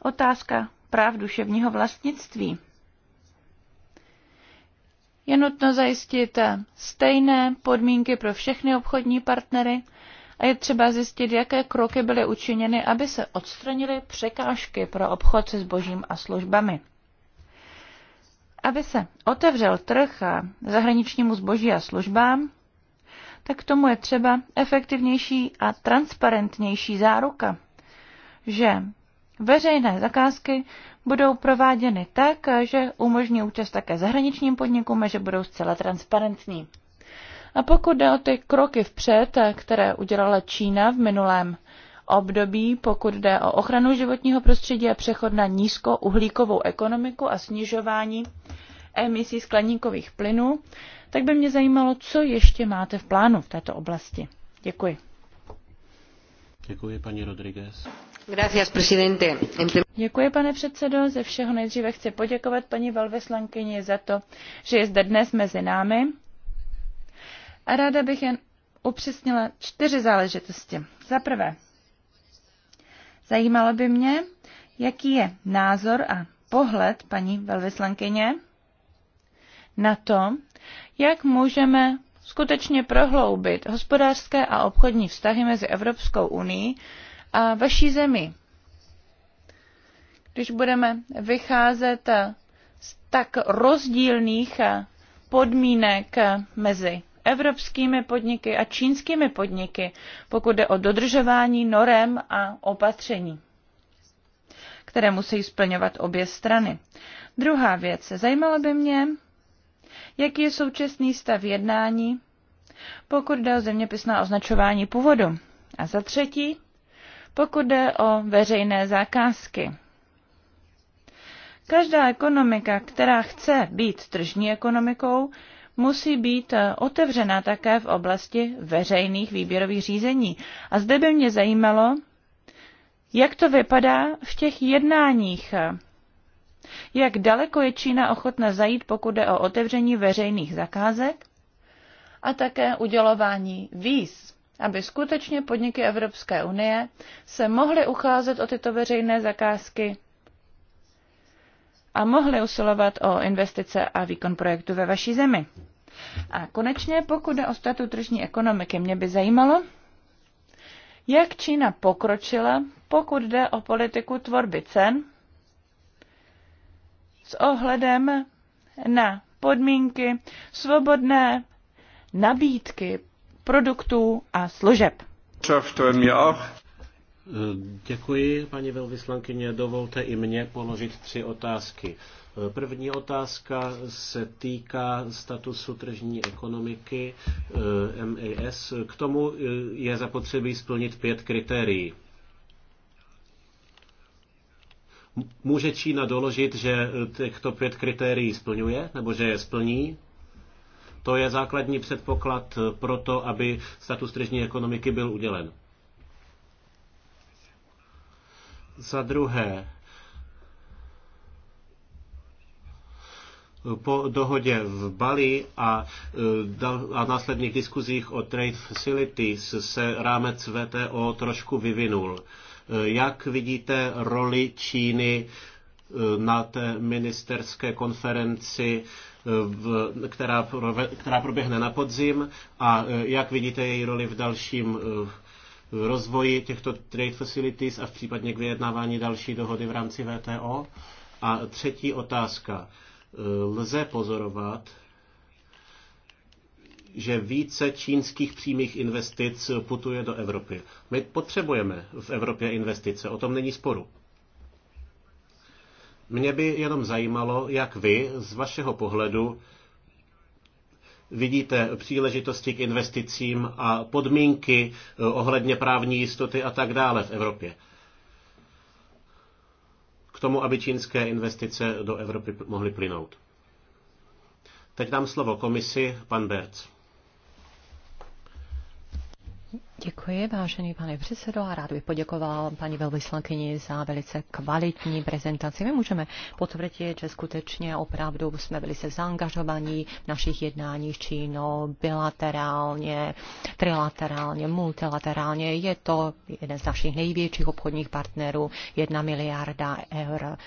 [SPEAKER 2] otázka práv duševního vlastnictví. Je nutno zajistit stejné podmínky pro všechny obchodní partnery a je třeba zjistit, jaké kroky byly učiněny, aby se odstranily překážky pro obchod se zbožím a službami. Aby se otevřel trh a zahraničnímu zboží a službám, tak k tomu je třeba efektivnější a transparentnější záruka, že veřejné zakázky budou prováděny tak, že umožní účast také zahraničním podnikům a že budou zcela transparentní. A pokud jde o ty kroky vpřed, které udělala Čína v minulém období, pokud jde o ochranu životního prostředí a přechod na nízkouhlíkovou ekonomiku a snižování emisí skleníkových plynů, tak by mě zajímalo, co ještě máte v plánu v této oblasti. Děkuji.
[SPEAKER 1] Děkuji, paní Rodriguez. Gracias, presidente.
[SPEAKER 2] Děkuji, pane předsedo. Ze všeho nejdříve chci poděkovat paní velvyslankyni za to, že je zde dnes mezi námi a ráda bych jen upřesnila čtyři záležitosti. Za prvé, zajímalo by mě, jaký je názor a pohled paní velvyslankyně na to, jak můžeme skutečně prohloubit hospodářské a obchodní vztahy mezi Evropskou unii a vaší zemi, Když budeme vycházet z tak rozdílných podmínek mezi evropskými podniky a čínskými podniky, pokud jde o dodržování norem a opatření, které musí splňovat obě strany. Druhá věc. Zajímalo by mě, jaký je současný stav jednání, pokud jde o zeměpisná označování původu. A za třetí, pokud jde o veřejné zakázky. Každá ekonomika, která chce být tržní ekonomikou, musí být eh, otevřena také v oblasti veřejných výběrových řízení. A zde by mě zajímalo, jak to vypadá v těch jednáních. Jak daleko je Čína ochotna zajít, pokud jde o otevření veřejných zakázek a také udělování víz, aby skutečně podniky Evropské unie se mohly ucházet o tyto veřejné zakázky a mohli usilovat o investice a výkon projektu ve vaší zemi. A konečně, pokud jde o statu tržní ekonomiky, mě by zajímalo, jak Čína pokročila, pokud jde o politiku tvorby cen s ohledem na podmínky svobodné nabídky produktů a služeb.
[SPEAKER 1] Děkuji, paní velvyslankyně. Dovolte i mně položit tři otázky. První otázka se týká statusu tržní ekonomiky eh, MAS. K tomu eh, je zapotřebí splnit pět kritérií. Může Čína doložit, že těchto pět kritérií splňuje, nebo že je splní? To je základní předpoklad pro to, aby status tržní ekonomiky byl udělen. Za druhé, po dohodě v Bali a, e, a následných diskuzích o trade facilities se rámec VTO trošku vyvinul. E, jak vidíte roli Číny e, na té ministerské konferenci, v, která, která proběhne na podzim a jak vidíte její roli v dalším rozvoji těchto trade facilities a v případně k vyjednávání další dohody v rámci VTO? A třetí otázka. Lze pozorovat, že více čínských přímých investic putuje do Evropy. My potřebujeme v Evropě investice, o tom není sporu. Mě by jenom zajímalo, jak vy z vašeho pohledu vidíte příležitosti k investicím a podmínky eh, ohledně právní jistoty a tak dále v Evropě? K tomu, aby čínské investice do Evropy mohly plynout. Teď dám slovo komisi, pan Berc.
[SPEAKER 3] Děkuji, vážený pane předsedo, a rád bych poděkoval paní velvyslankyni za velice kvalitní prezentaci. My můžeme potvrdit, že skutečně opravdu jsme velice zaangažovaní v našich jednáních Čínou bilaterálně, trilaterálně, multilaterálně. Je to jeden z našich největších obchodních partnerů, jedna miliarda eur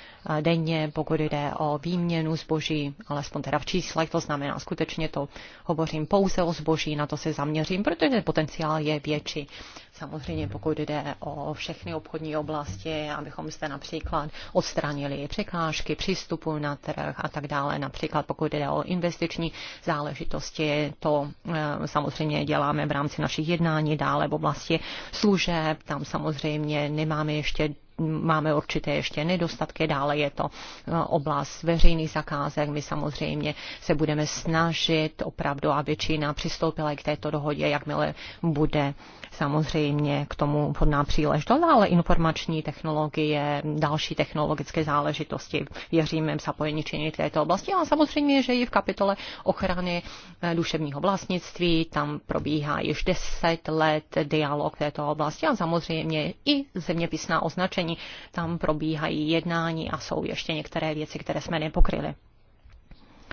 [SPEAKER 3] denně, pokud jde o výměnu zboží, alespoň teda v číslech, to znamená skutečně to hovořím pouze o zboží, na to se zaměřím, protože ten potenciál je větší zahraničí. Samozřejmě pokud jde o všechny obchodní oblasti, abychom zde například odstranili překážky přístupu na trh a tak dále. Například pokud jde o investiční záležitosti, to eh, samozřejmě děláme v rámci našich jednání dále v oblasti služeb. Tam samozřejmě nemáme ještě máme určité ještě nedostatky, dále je to eh, oblast veřejných zakázek. My samozřejmě se budeme snažit opravdu, aby Čína přistoupila k této dohodě, jakmile bude samozřejmě k tomu vhodná příležitost, ale informační technologie, další technologické záležitosti, věříme v zapojení Číny v této oblasti a samozřejmě, že i v kapitole ochrany eh, duševního vlastnictví, tam probíhá již deset let dialog v této oblasti a samozřejmě i zeměpisná označení usnesení. Tam probíhají jednání a jsou ještě některé věci, které jsme nepokryli.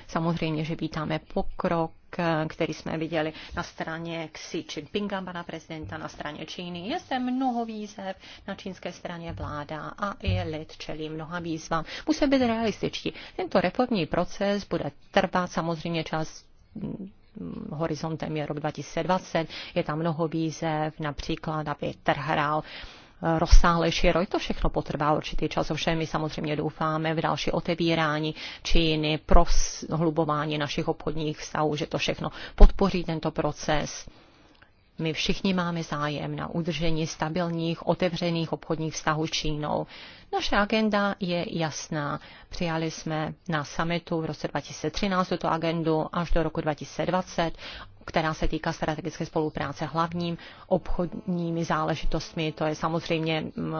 [SPEAKER 3] Samozřejmě, že vítáme pokrok, který jsme viděli na straně Xi Jinpinga, pana prezidenta, na straně Číny. Je zde mnoho výzev na čínské straně vláda a i lid čelí mnoha výzvám. Musíme být realističtí. Tento reformní proces bude trvat samozřejmě čas mm, horizontem je rok 2020, je tam mnoho výzev, například, aby trh hrál rozsáhlejší roj. To všechno potrvá určitý čas, ovšem my samozřejmě doufáme v další otevírání Číny, prohlubování našich obchodních vztahů, že to všechno podpoří tento proces my všichni máme zájem na udržení stabilních, otevřených obchodních vztahů s Čínou. Naše agenda je jasná. Přijali jsme na summitu v roce 2013 tuto agendu až do roku 2020 která se týká strategické spolupráce hlavním obchodními záležitostmi. To je samozřejmě mm,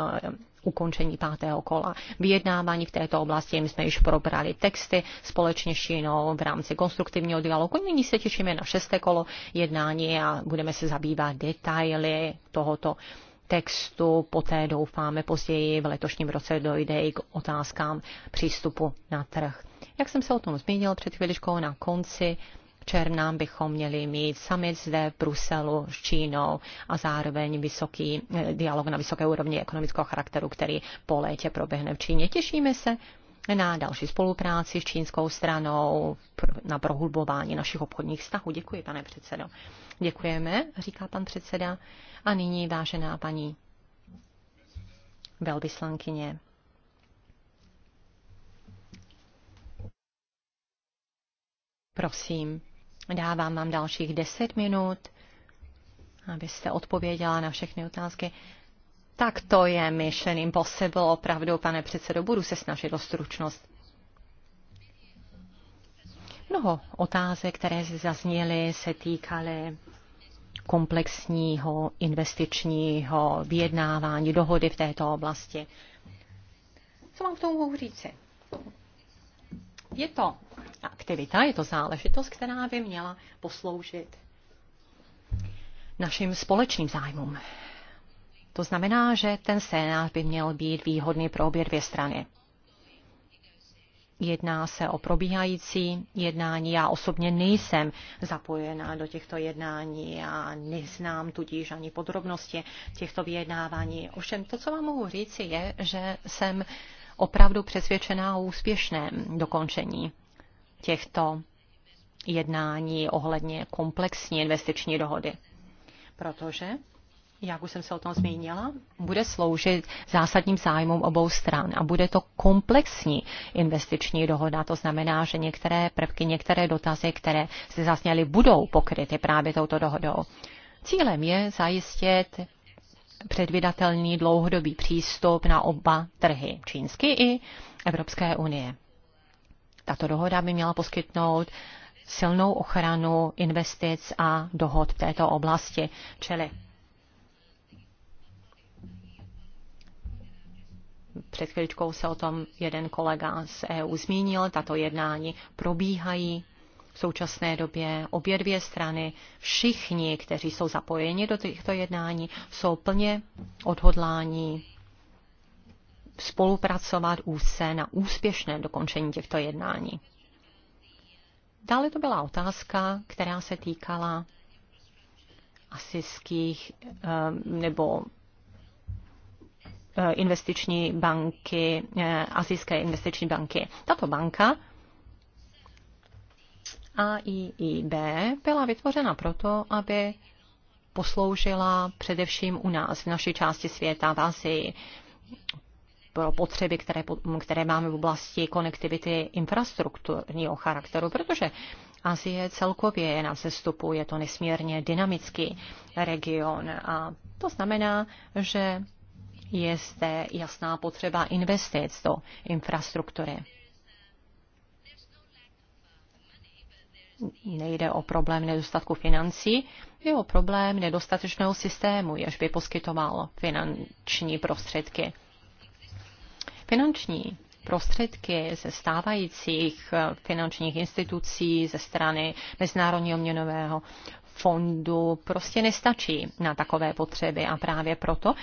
[SPEAKER 3] ukončení pátého kola vyjednávání v této oblasti. My jsme již probrali texty společně s Čínou v rámci konstruktivního dialogu. Nyní se těšíme na šesté kolo jednání a budeme se zabývat detaily tohoto textu. Poté doufáme později v letošním roce dojde i k otázkám přístupu na trh. Jak jsem se o tom zmínil před chvíličkou na konci června bychom měli mít summit zde v Bruselu s Čínou a zároveň vysoký eh, dialog na vysoké úrovni ekonomického charakteru, který po létě proběhne v Číně. Těšíme se na další spolupráci s čínskou stranou, na prohlubování našich obchodních vztahů. Děkuji, pane předsedo. Děkujeme, říká pan předseda. A nyní, vážená paní velvyslankyně. Prosím. Dávám vám dalších 10 minut, abyste odpověděla na všechny otázky. Tak to je mission impossible, opravdu, pane předsedo, budu se snažit o stručnost. Mnoho otázek, které zazněly, se týkaly komplexního investičního vyjednávání, dohody v této oblasti. Co mám k tomu říci? Je to aktivita, je to záležitost, která by měla posloužit našim společným zájmům. To znamená, že ten scénář by měl být výhodný pro obě dvě strany. Jedná se o probíhající jednání. Já osobně nejsem zapojená do těchto jednání a neznám tudíž ani podrobnosti těchto vyjednávání. Ovšem to, co vám mohu říci, je, že jsem opravdu přesvědčená o úspěšném dokončení těchto jednání ohledně komplexní investiční dohody. Protože, jak už jsem se o tom zmínila, bude sloužit zásadním zájmům obou stran a bude to komplexní investiční dohoda. To znamená, že některé prvky, některé dotazy, které se zasněly, budou pokryty právě touto dohodou. Cílem je zajistit předvydatelný dlouhodobý přístup na oba trhy, čínsky i Evropské unie. Tato dohoda by měla poskytnout silnou ochranu investic a dohod v této oblasti. Čili před chvíličkou se o tom jeden kolega z EU zmínil, tato jednání probíhají v současné době obě dvě strany, všichni, kteří jsou zapojeni do těchto jednání, jsou plně odhodlání spolupracovat úzce na úspěšné dokončení těchto jednání. Dále to byla otázka, která se týkala asijských eh, nebo eh, investiční banky, eh, Asijské investiční banky. Tato banka AIIB byla vytvořena proto, aby posloužila především u nás, v naší části světa, v Asii pro potřeby, které, které máme v oblasti konektivity infrastrukturního charakteru, protože Asie celkově je na sestupu, je to nesmírně dynamický region a to znamená, že je zde jasná potřeba investic do infrastruktury. Nejde o problém nedostatku financí, je o problém nedostatečného systému, jež by poskytoval finanční prostředky. Finanční prostředky ze stávajících eh, finančních institucí ze strany Mezinárodního měnového fondu prostě nestačí na takové potřeby a právě proto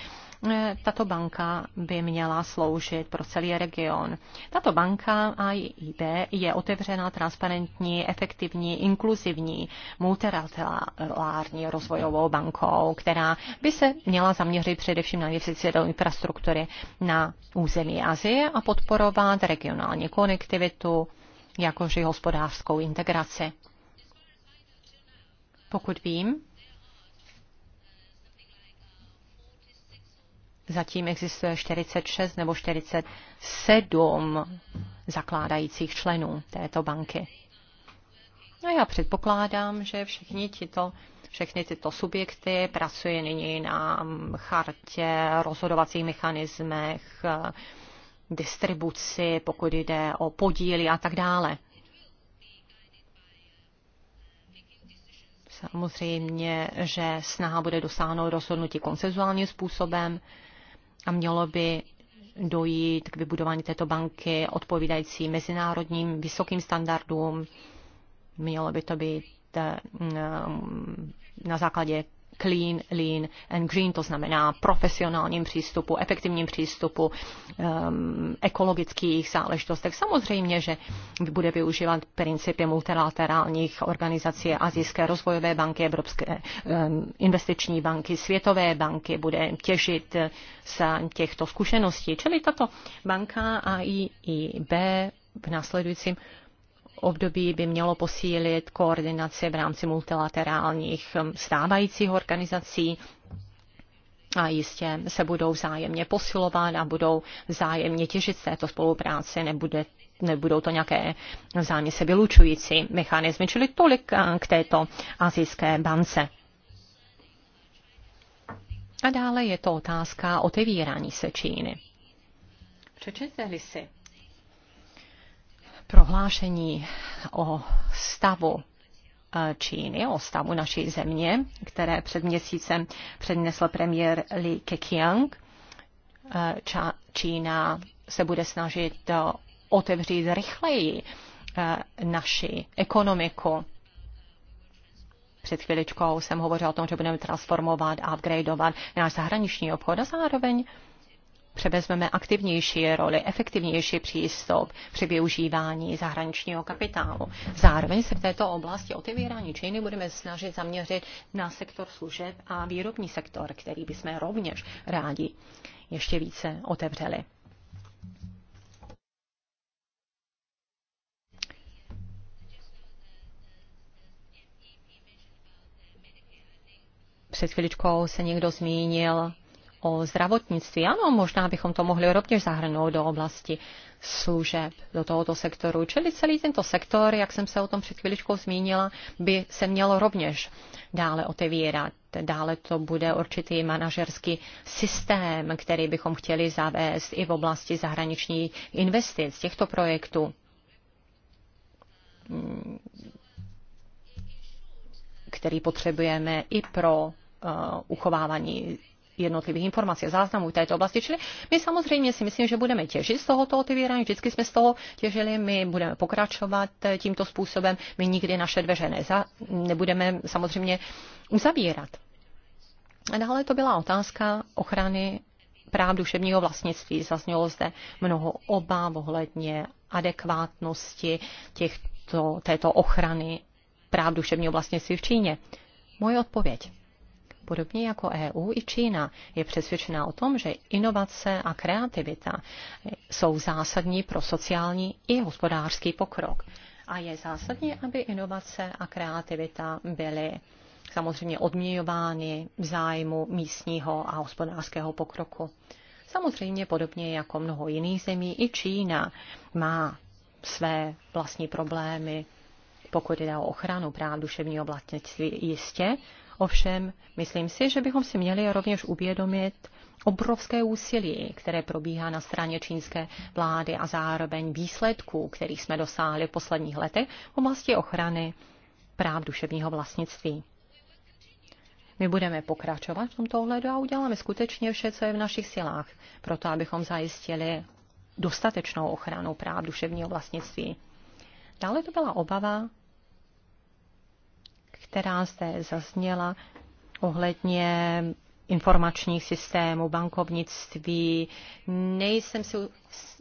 [SPEAKER 3] Eh, tato banka by měla sloužit pro celý region. Tato banka AIB je otevřená, transparentní, efektivní, inkluzivní, multilaterální rozvojovou bankou, která by se měla zaměřit především na investice do infrastruktury na území Azie a podporovat regionální konektivitu, jakož i hospodářskou integraci. Pokud vím, Zatím existuje 46 nebo 47 zakládajících členů této banky. No já předpokládám, že všichni tito všechny tyto subjekty pracují nyní na chartě, rozhodovacích mechanismech, distribuci, pokud jde o podíly a tak dále. Samozřejmě, že snaha bude dosáhnout rozhodnutí konsenzuálním způsobem, a mělo by dojít k vybudování této banky odpovídající mezinárodním vysokým standardům. Mělo by to být eh, mm, na základě clean, lean and green, to znamená profesionálním přístupu, efektivním přístupu, um, ekologických záležitostech. Samozřejmě, že bude využívat principy multilaterálních organizací Azijské rozvojové banky, Evropské um, investiční banky, Světové banky, bude těžit z těchto zkušeností. Čili tato banka AIIB v následujícím období by mělo posílit koordinaci v rámci multilaterálních hm, stávajících organizací a jistě se budou vzájemně posilovat a budou vzájemně těžit z této spolupráce, nebude nebudou to nějaké vzájemně se vylučující mechanizmy, čili tolik eh, k této azijské bance. A dále je to otázka otevírání se Číny. Přečetli si prohlášení o stavu eh, Číny, o stavu naší země, které před měsícem přednesl premiér Li Keqiang. Eh, Čína se bude snažit eh, otevřít rychleji naši ekonomiku. Před chviličkou jsem hovořil o tom, že budeme transformovat a upgradeovat náš zahraniční obchod a zároveň převezmeme aktivnější roli, efektivnější přístup při využívání zahraničního kapitálu. Zároveň se v této oblasti otevírání Číny budeme snažit zaměřit na sektor služeb a výrobní sektor, který bychom rovněž rádi ještě více otevřeli. Před chviličkou se někdo zmínil o zdravotnictví. Ano, možná bychom to mohli rovněž zahrnout do oblasti služeb, do tohoto sektoru. Čili celý tento sektor, jak jsem se o tom před chviličkou zmínila, by se mělo rovněž dále otevírat. Dále to bude určitý manažerský systém, který bychom chtěli zavést i v oblasti zahraničních investic těchto projektů který potřebujeme i pro uh, uchovávání jednotlivých informací a záznamů této oblasti. Čili my samozřejmě si myslím, že budeme těžit z tohoto otevírání, vždycky jsme z toho těžili, my budeme pokračovat eh, tímto způsobem, my nikdy naše dveře neza, nebudeme samozřejmě uzavírat. A dále to byla otázka ochrany práv duševního vlastnictví. Zaznělo zde mnoho obav ohledně adekvátnosti těchto, této ochrany práv duševního vlastnictví v Číně. Moje odpověď. Podobně jako EU i Čína je přesvědčená o tom, že inovace a kreativita jsou zásadní pro sociální i hospodářský pokrok. A je zásadní, aby inovace a kreativita byly samozřejmě odměňovány v zájmu místního a hospodářského pokroku. Samozřejmě podobně jako mnoho jiných zemí, i Čína má své vlastní problémy, pokud jde o ochranu práv duševního vlastnictví. Jistě, Ovšem, myslím si, že bychom si měli rovněž uvědomit obrovské úsilí, které probíhá na straně čínské vlády a zároveň výsledků, kterých jsme dosáhli v posledních letech v oblasti ochrany práv duševního vlastnictví. My budeme pokračovat v tomto ohledu a uděláme skutečně vše, co je v našich silách, proto abychom zajistili dostatečnou ochranu práv duševního vlastnictví. Dále to byla obava která zde zazněla ohledně informačních systémů, bankovnictví. Nejsem si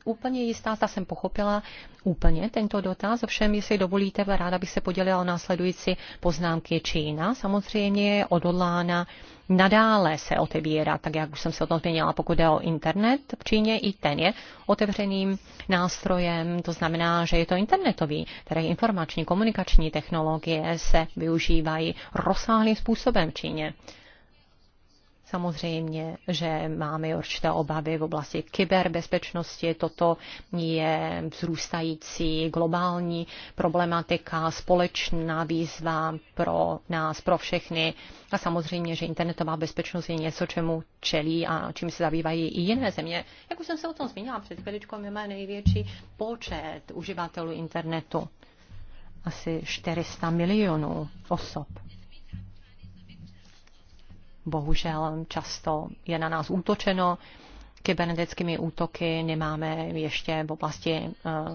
[SPEAKER 3] úplně jistá, zda jsem pochopila úplně tento dotaz. Ovšem, jestli dovolíte, ráda bych se podělila o následující poznámky Čína. Samozřejmě je odhodlána nadále se otevírá, tak jak už jsem se o tom změnila, pokud jde o internet v Číně, i ten je otevřeným nástrojem, to znamená, že je to internetový, tedy informační, komunikační technologie se využívají rozsáhlým způsobem v Číně. Samozřejmě, že máme určité obavy v oblasti kyberbezpečnosti. Toto je vzrůstající globální problematika, společná výzva pro nás, pro všechny. A samozřejmě, že internetová bezpečnost je něco, čemu čelí a čím se zabývají i jiné země. Jak už jsem se o tom zmínila před chvíličkou, my máme největší počet uživatelů internetu. Asi 400 milionů osob bohužel často je na nás útočeno kybernetickými útoky, nemáme ještě v oblasti eh,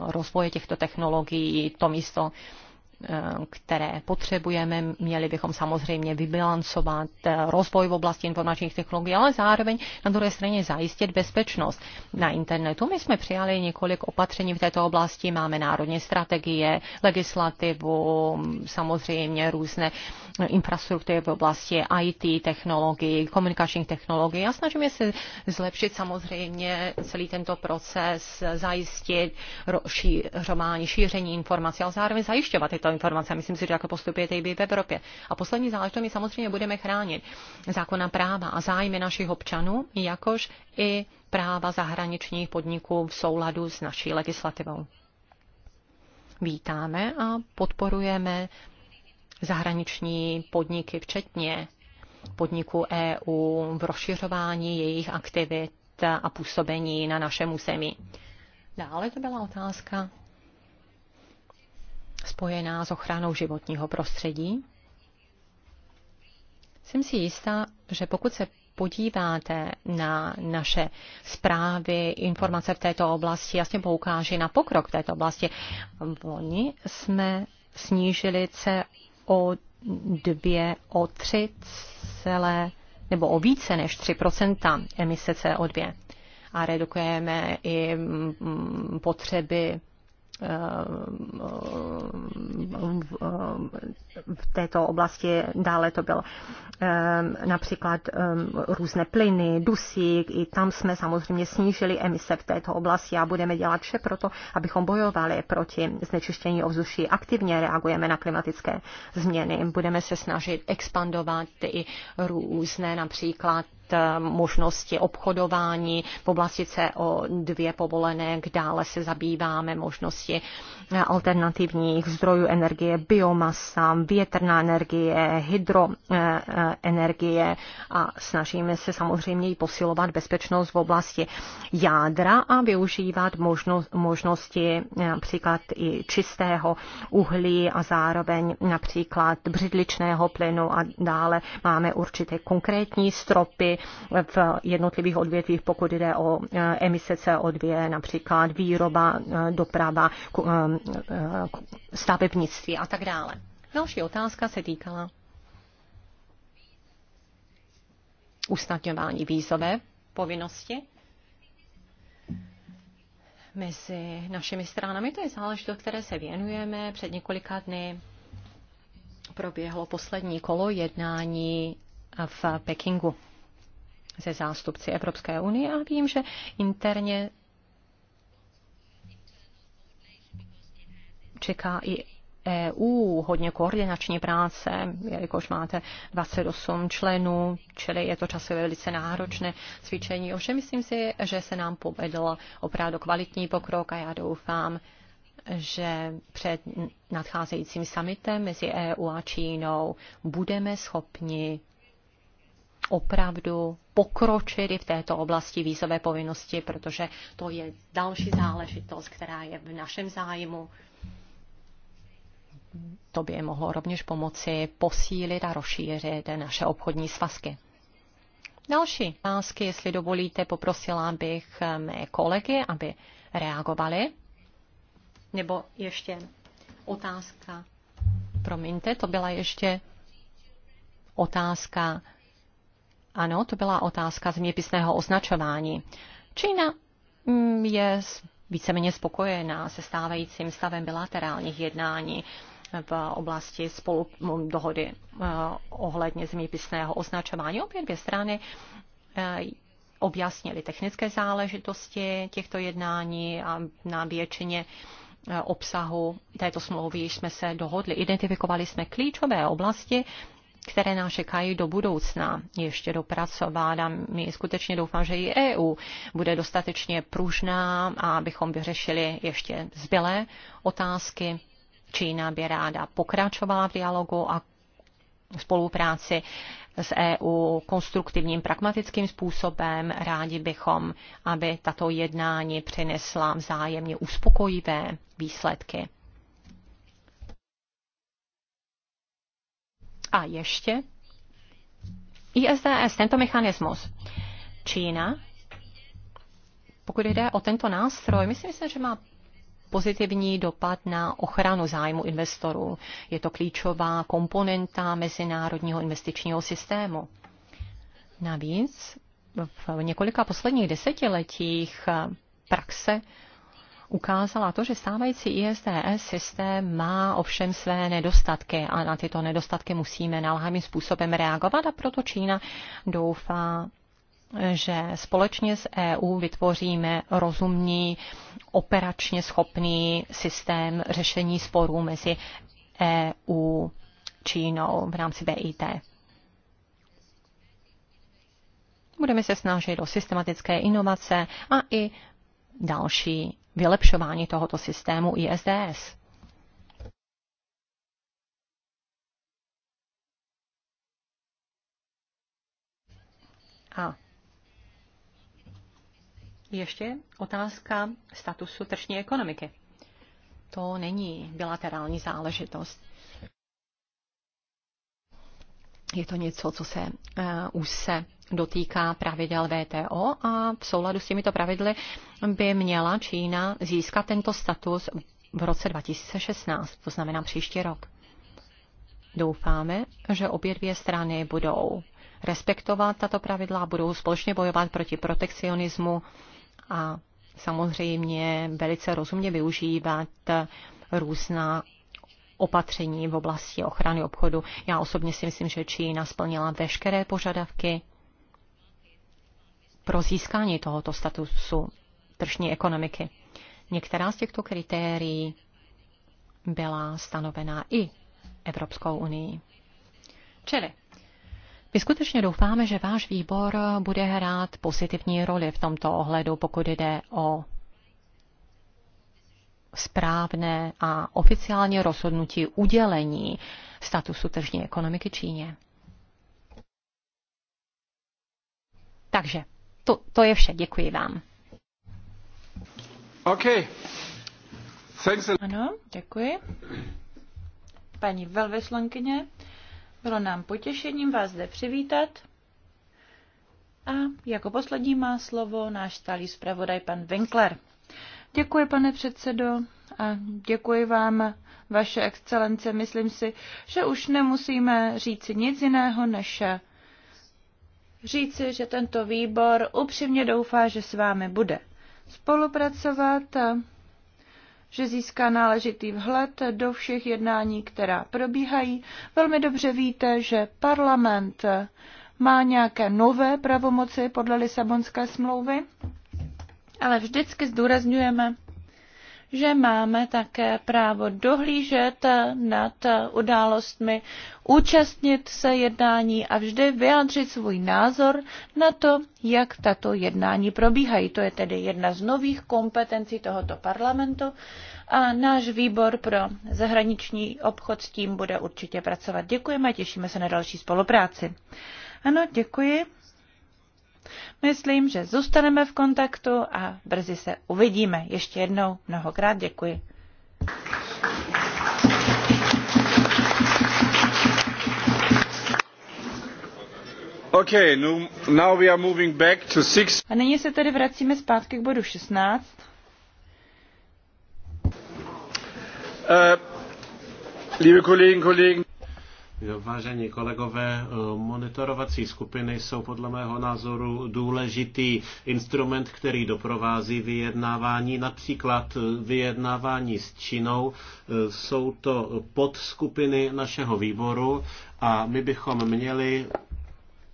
[SPEAKER 3] rozvoje těchto technologií to místo, Eh, které potřebujeme. Měli bychom samozřejmě vybilancovat eh, rozvoj v oblasti informačních technologií, ale zároveň na druhé straně zajistit bezpečnost na internetu. My jsme přijali několik opatření v této oblasti. Máme národní strategie, legislativu, samozřejmě různé infrastruktury v oblasti IT, technologií, komunikačních technologií a snažíme se zlepšit samozřejmě celý tento proces, zajistit šíření informací, ale zároveň zajišťovat tyto informace. Myslím si, že jako postupujete i v Evropě. A poslední záležitost my samozřejmě budeme chránit zákona práva a zájmy našich občanů, jakož i práva zahraničních podniků v souladu s naší legislativou. Vítáme a podporujeme zahraniční podniky, včetně podniků EU v rozšiřování jejich aktivit a působení na našem území. Dále to byla otázka spojená s ochranou životního prostředí? Jsem si jistá, že pokud se podíváte na naše zprávy, informace v této oblasti, jasně poukáže na pokrok v této oblasti. Loni jsme snížili se o dvě, o tři celé, nebo o více než 3 emise CO2. A redukujeme i potřeby v této oblasti. Dále to byl ehm, například ehm, různé plyny, dusík. I tam jsme samozřejmě snížili emise v této oblasti a budeme dělat vše proto, abychom bojovali proti znečištění ovzduší. Aktivně reagujeme na klimatické změny. Budeme se snažit expandovat i různé například Eh, možnosti obchodování v oblasti CO2 povolenek, dále se zabýváme možnosti eh, alternativních zdrojů energie, biomasa, větrná energie, hydroenergie eh, a snažíme se samozřejmě i posilovat bezpečnost v oblasti jádra a využívat možnosti například i čistého uhlí a zároveň například břidličného plynu a dále máme určité konkrétní stropy v jednotlivých odvětvích, pokud jde o e, emise CO2, například výroba, e, doprava, e, stavebnictví a tak dále. Další otázka se týkala usnadňování výzové povinnosti mezi našimi stranami. To je záležitost, které se věnujeme. Před několika dny proběhlo poslední kolo jednání v Pekingu se zástupci Evropské unie a vím, že interně čeká i EU hodně koordinační práce, jelikož máte 28 členů, čili je to časově velice náročné cvičení. Ovšem myslím si, že se nám povedl opravdu kvalitní pokrok a já doufám, že před nadcházejícím summitem mezi EU a Čínou budeme schopni opravdu pokročili v této oblasti vízové povinnosti, protože to je další záležitost, která je v našem zájmu. To by je mohlo rovněž pomoci posílit a rozšířit naše obchodní svazky. Další otázky, jestli dovolíte, poprosila bych eh, mé kolegy, aby reagovali. Nebo ještě otázka, promiňte, to byla ještě otázka ano, to byla otázka zeměpisného označování. Čína mm, je víceméně spokojená se stávajícím stavem bilaterálních jednání v oblasti spolu, mm, dohody eh, ohledně zeměpisného označování. Obě dvě strany eh, objasnili technické záležitosti těchto jednání a na většině eh, obsahu této smlouvy jsme se dohodli. Identifikovali jsme klíčové oblasti, které nás čekají do budoucna ještě dopracovat a my skutečně doufám, že i EU bude dostatečně pružná a abychom vyřešili ještě zbylé otázky. Čína by ráda pokračovala v dialogu a spolupráci s EU konstruktivním, pragmatickým způsobem. Rádi bychom, aby tato jednání přinesla vzájemně uspokojivé výsledky. A ještě ISDS, tento mechanismus. Čína, pokud jde o tento nástroj, myslím si, že má pozitivní dopad na ochranu zájmu investorů. Je to klíčová komponenta mezinárodního investičního systému. Navíc v několika posledních desetiletích praxe ukázala to, že stávající ISDS systém má ovšem své nedostatky a na tyto nedostatky musíme nalhavým způsobem reagovat a proto Čína doufá, že společně s EU vytvoříme rozumný, operačně schopný systém řešení sporů mezi EU Čínou v rámci BIT. Budeme se snažit o systematické inovace a i další vylepšování tohoto systému ISDS. A ještě otázka statusu tržní ekonomiky. To není bilaterální záležitost. Je to něco, co se uh, už se dotýká pravidel VTO a v souladu s těmito pravidly by měla Čína získat tento status v roce 2016, to znamená příští rok. Doufáme, že obě dvě strany budou respektovat tato pravidla budou společně bojovat proti protekcionismu a samozřejmě velice rozumně využívat různá opatření v oblasti ochrany obchodu. Já osobně si myslím, že Čína splnila veškeré požadavky pro získání tohoto statusu tržní ekonomiky. Některá z těchto kritérií byla stanovená i Evropskou unii. Čili my skutečně doufáme, že váš výbor bude hrát pozitivní roli v tomto ohledu, pokud jde o správné a oficiální rozhodnutí udělení statusu tržní ekonomiky Číně. Takže to, to je vše. Děkuji vám.
[SPEAKER 2] Okay. Thanks a... Ano, děkuji. Paní velvyslankyně, bylo nám potěšením vás zde přivítat. A jako poslední má slovo náš stálý zpravodaj pan Winkler. Děkuji, pane předsedo, a děkuji vám, vaše excelence. Myslím si, že už nemusíme říct nic jiného než říci, že tento výbor upřímně doufá, že s vámi bude spolupracovat, a že získá náležitý vhled do všech jednání, která probíhají. Velmi dobře víte, že parlament má nějaké nové pravomoci podle Lisabonské smlouvy, ale vždycky zdůrazňujeme, že máme také právo dohlížet nad událostmi, účastnit se jednání a vždy vyjádřit svůj názor na to, jak tato jednání probíhají. To je tedy jedna z nových kompetencí tohoto parlamentu a náš výbor pro zahraniční obchod s tím bude určitě pracovat. Děkujeme a těšíme se na další spolupráci. Ano, děkuji. Myslím, že zůstaneme v kontaktu a brzy se uvidíme. Ještě jednou mnohokrát děkuji.
[SPEAKER 1] Okay, now we are moving back to six.
[SPEAKER 2] A nyní se tedy vracíme zpátky k bodu 16.
[SPEAKER 1] Uh, eh, liebe Kolleginnen Kollegen, Vážení kolegové, eh, monitorovací skupiny jsou podle mého názoru důležitý instrument, který doprovází vyjednávání, například eh, vyjednávání s Čínou. Eh, jsou to podskupiny našeho výboru a my bychom měli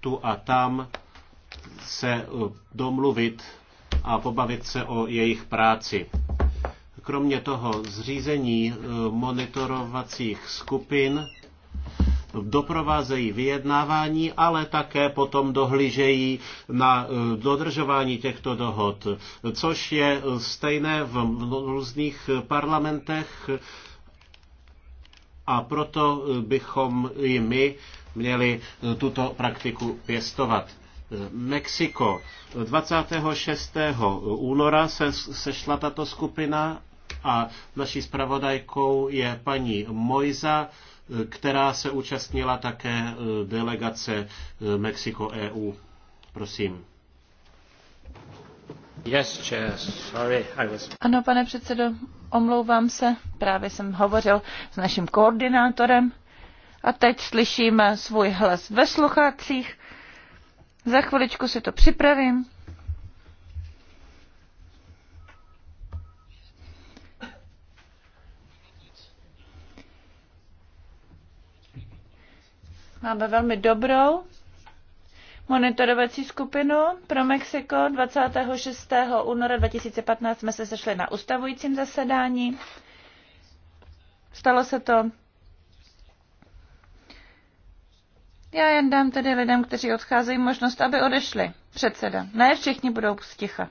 [SPEAKER 1] tu a tam se domluvit a pobavit se o jejich práci. Kromě toho zřízení monitorovacích skupin doprovázejí vyjednávání, ale také potom dohlížejí na eh, dodržování těchto dohod, což je stejné v různých parlamentech a proto bychom i my měli eh, tuto praktiku pěstovat. Eh, Mexiko. 26. února se sešla tato skupina a naší zpravodajkou je paní Mojza která se účastnila také eh, delegace eh, Mexiko-EU. Prosím. Yes, chair. Sorry, I was...
[SPEAKER 2] Ano, pane předsedo, omlouvám se. Právě jsem hovořil s naším koordinátorem a teď slyším svůj hlas ve sluchácích. Za chviličku si to připravím. Máme velmi dobrou monitorovací skupinu pro Mexiko. 26. února 2015 jsme se sešli na ustavujícím zasedání. Stalo se to. Já jen dám tedy lidem, kteří odcházejí, možnost, aby odešli. Předseda. Ne, všichni budou sticha.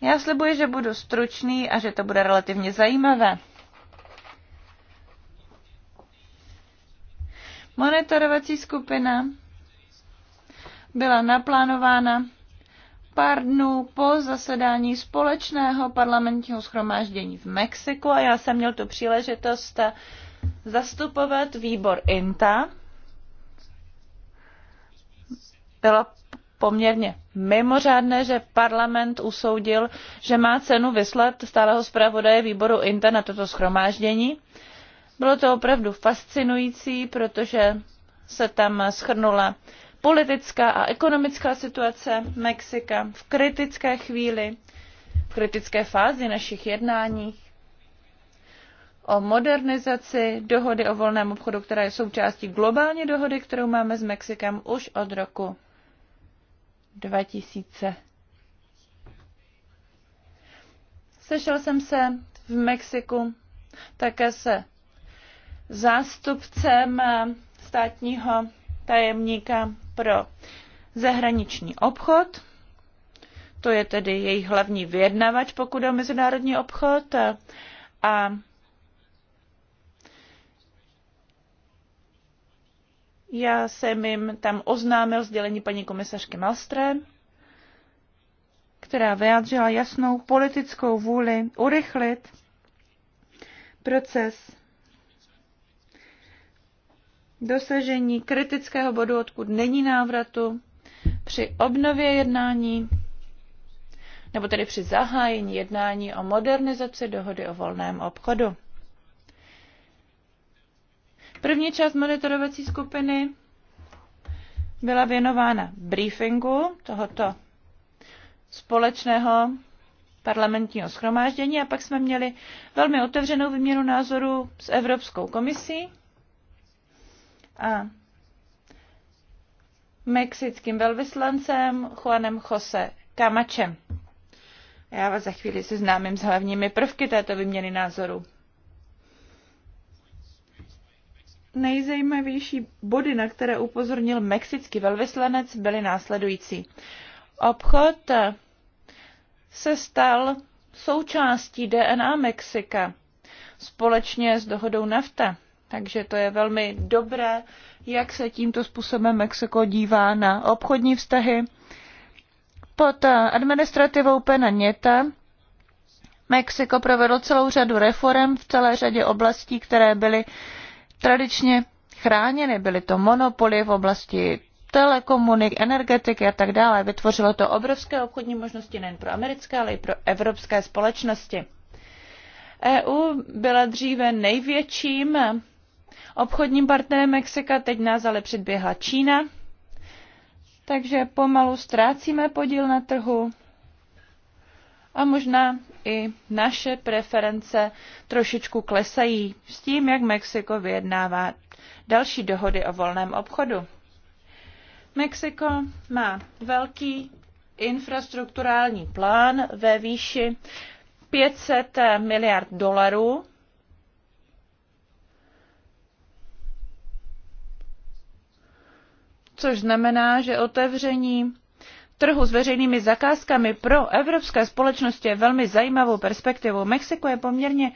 [SPEAKER 2] Já slibuji, že budu stručný a že to bude relativně zajímavé. Monitorovací skupina byla naplánována pár dnů po zasedání společného parlamentního schromáždění v Mexiku a já jsem měl tu příležitost zastupovat výbor INTA. Bylo poměrně mimořádné, že parlament usoudil, že má cenu vyslat stáleho zpravodaje výboru INTA na toto schromáždění bylo to opravdu fascinující, protože se tam schrnula politická a ekonomická situace Mexika v kritické chvíli, v kritické fázi našich jednání o modernizaci dohody o volném obchodu, která je součástí globální dohody, kterou máme s Mexikem už od roku 2000. Sešel jsem se v Mexiku také se zástupcem eh, státního tajemníka pro zahraniční obchod. To je tedy jejich hlavní vyjednavač, pokud o mezinárodní obchod. A já jsem jim tam oznámil sdělení paní komisařky Malstré, která vyjádřila jasnou politickou vůli urychlit proces dosažení kritického bodu, odkud není návratu, při obnově jednání, nebo tedy při zahájení jednání o modernizaci dohody o volném obchodu. První část monitorovací skupiny byla věnována briefingu tohoto společného parlamentního schromáždění a pak jsme měli velmi otevřenou výměnu názorů s Evropskou komisí a mexickým velvyslancem Juanem Jose Kamačem. Já vás za chvíli seznámím s hlavními prvky této vyměny názorů. Nejzajímavější body, na které upozornil mexický velvyslanec, byly následující. Obchod se stal součástí DNA Mexika společně s dohodou NAFTA. Takže to je velmi dobré, jak se tímto způsobem Mexiko dívá na obchodní vztahy. Pod eh, administrativou Pena Něta Mexiko provedlo celou řadu reform v celé řadě oblastí, které byly tradičně chráněny. Byly to monopoly v oblasti telekomunik, energetiky a tak dále. Vytvořilo to obrovské obchodní možnosti nejen pro americké, ale i pro evropské společnosti. EU byla dříve největším obchodním partnerem Mexika, teď nás ale předběhla Čína, takže pomalu ztrácíme podíl na trhu a možná i naše preference trošičku klesají s tím, jak Mexiko vyjednává další dohody o volném obchodu. Mexiko má velký infrastrukturální plán ve výši 500 miliard dolarů což znamená, že otevření trhu s veřejnými zakázkami pro evropské společnosti je velmi zajímavou perspektivou. Mexiko je poměrně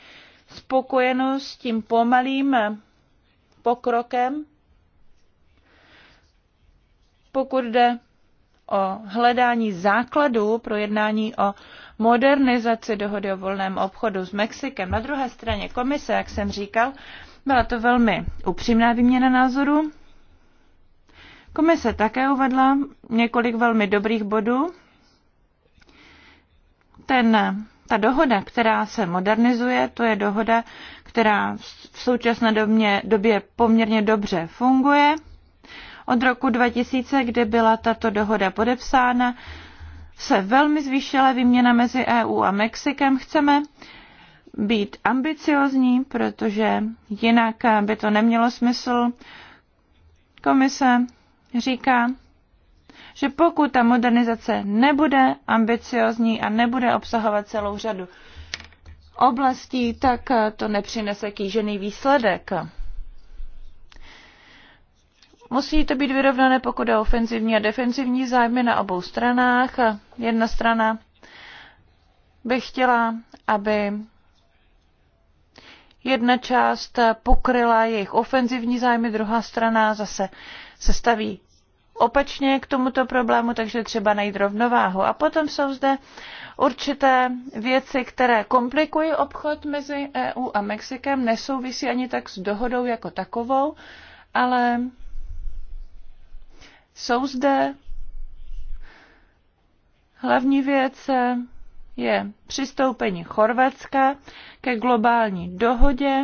[SPEAKER 2] spokojeno s tím pomalým pokrokem, pokud jde o hledání základů pro jednání o modernizaci dohody o volném obchodu s Mexikem. Na druhé straně komise, jak jsem říkal, byla to velmi upřímná výměna názorů. Komise také uvedla několik velmi dobrých bodů. Ten, ta dohoda, která se modernizuje, to je dohoda, která v současné době, době poměrně dobře funguje. Od roku 2000, kdy byla tato dohoda podepsána, se velmi zvýšila výměna mezi EU a Mexikem. Chceme být ambiciozní, protože jinak by to nemělo smysl. Komise říká, že pokud ta modernizace nebude ambiciozní a nebude obsahovat celou řadu oblastí, tak to nepřinese kýžený výsledek. Musí to být vyrovnané, pokud je ofenzivní a defenzivní zájmy na obou stranách. Jedna strana by chtěla, aby jedna část pokryla jejich ofenzivní zájmy, druhá strana zase se staví opačně k tomuto problému, takže třeba najít rovnováhu. A potom jsou zde určité věci, které komplikují obchod mezi EU a Mexikem, nesouvisí ani tak s dohodou jako takovou, ale jsou zde hlavní věc je přistoupení Chorvatska ke globální dohodě.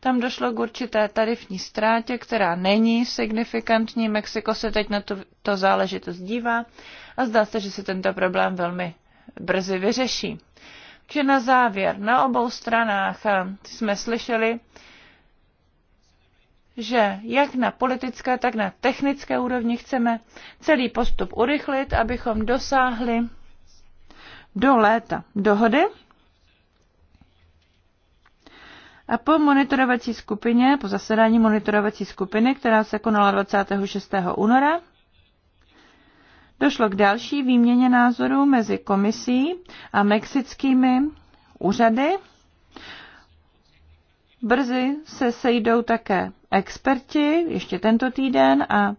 [SPEAKER 2] Tam došlo k určité tarifní ztrátě, která není signifikantní. Mexiko se teď na to, to záležitost dívá a zdá se, že se tento problém velmi brzy vyřeší. Takže na závěr, na obou stranách jsme slyšeli, že jak na politické, tak na technické úrovni chceme celý postup urychlit, abychom dosáhli do léta dohody. A po monitorovací skupině, po zasedání monitorovací skupiny, která se konala 26. února, došlo k další výměně názorů mezi komisí a mexickými úřady. Brzy se sejdou také experti, ještě tento týden, a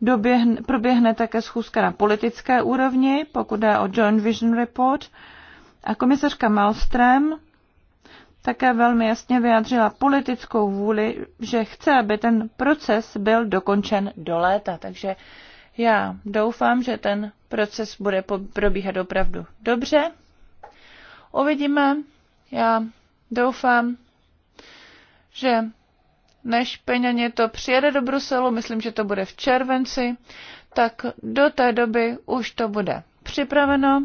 [SPEAKER 2] doběhne, proběhne také schůzka na politické úrovni, pokud je o Joint Vision Report. A komisařka Malmström také velmi jasně vyjádřila politickou vůli, že chce, aby ten proces byl dokončen do léta. Takže já doufám, že ten proces bude probíhat opravdu dobře. Uvidíme. Já doufám, že než peněně to přijede do Bruselu, myslím, že to bude v červenci, tak do té doby už to bude připraveno.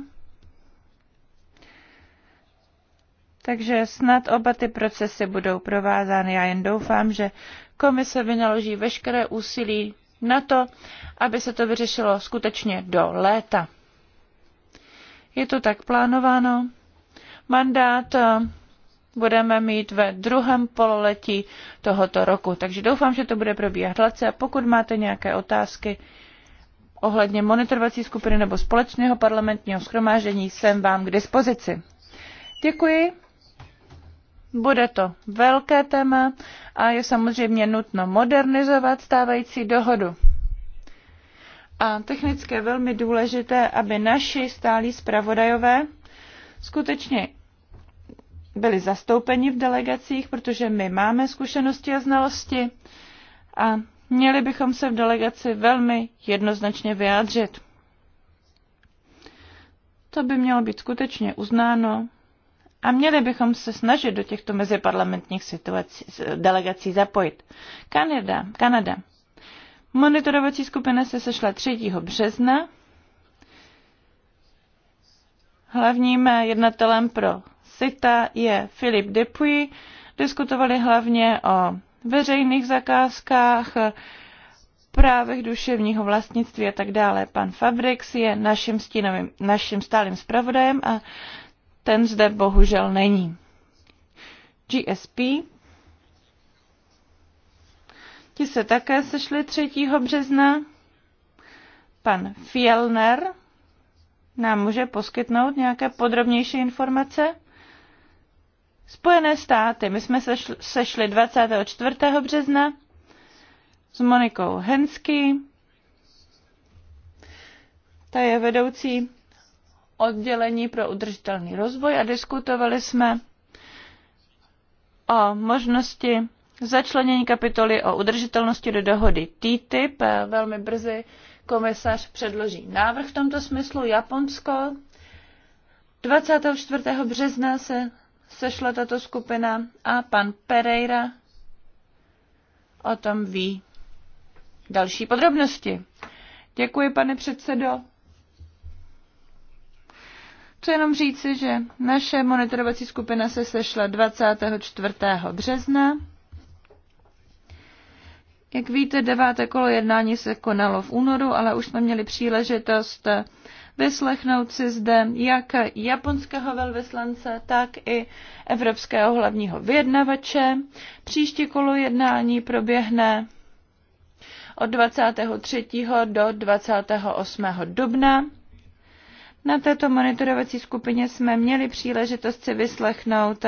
[SPEAKER 2] Takže snad oba ty procesy budou provázány. Já jen doufám, že komise vynaloží veškeré úsilí na to, aby se to vyřešilo skutečně do léta. Je to tak plánováno. Mandát budeme mít ve druhém pololetí tohoto roku. Takže doufám, že to bude probíhat hladce a pokud máte nějaké otázky ohledně monitorovací skupiny nebo společného parlamentního schromáždění, jsem vám k dispozici. Děkuji. Bude to velké téma a je samozřejmě nutno modernizovat stávající dohodu. A technické velmi důležité, aby naši stálí zpravodajové skutečně byli zastoupeni v delegacích, protože my máme zkušenosti a znalosti a měli bychom se v delegaci velmi jednoznačně vyjádřit. To by mělo být skutečně uznáno a měli bychom se snažit do těchto meziparlamentních situací, delegací zapojit. Kanada, Kanada. Monitorovací skupina se sešla 3. března. Hlavním jednatelem pro Sita je Filip Depuy. Diskutovali hlavně o veřejných zakázkách, právech duševního vlastnictví a tak dále. Pan Fabrix je naším, stínovým, naším stálým zpravodajem a ten zde bohužel není. GSP. Ti se také sešli 3. března. Pan Fielner nám může poskytnout nějaké podrobnější informace? Spojené státy. My jsme sešli 24. března s Monikou Hensky. Ta je vedoucí oddělení pro udržitelný rozvoj a diskutovali jsme o možnosti začlenění kapitoly o udržitelnosti do dohody TTIP. Velmi brzy komisař předloží návrh v tomto smyslu. Japonsko 24. března se sešla tato skupina a pan Pereira o tom ví další podrobnosti. Děkuji, pane předsedo. Chci jenom říci, že naše monitorovací skupina se sešla 24. března. Jak víte, deváté kolo jednání se konalo v únoru, ale už jsme měli příležitost Vyslechnout si zde jak japonského velvyslance, tak i evropského hlavního vyjednavače. Příští kolo jednání proběhne od 23. do 28. dubna. Na této monitorovací skupině jsme měli příležitost si vyslechnout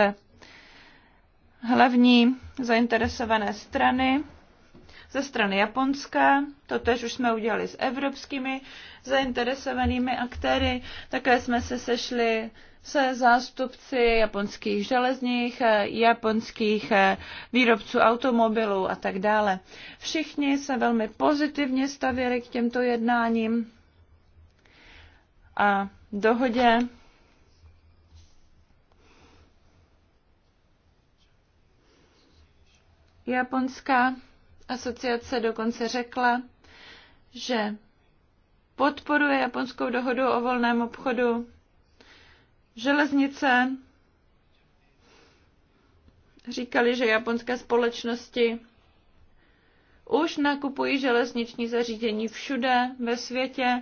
[SPEAKER 2] hlavní zainteresované strany ze strany Japonska, to tež už jsme udělali s evropskými zainteresovanými aktéry, také jsme se sešli se zástupci japonských železních, japonských výrobců automobilů a tak dále. Všichni se velmi pozitivně stavěli k těmto jednáním a dohodě Japonská asociace dokonce řekla, že podporuje japonskou dohodu o volném obchodu. Železnice říkali, že japonské společnosti už nakupují železniční zařízení všude ve světě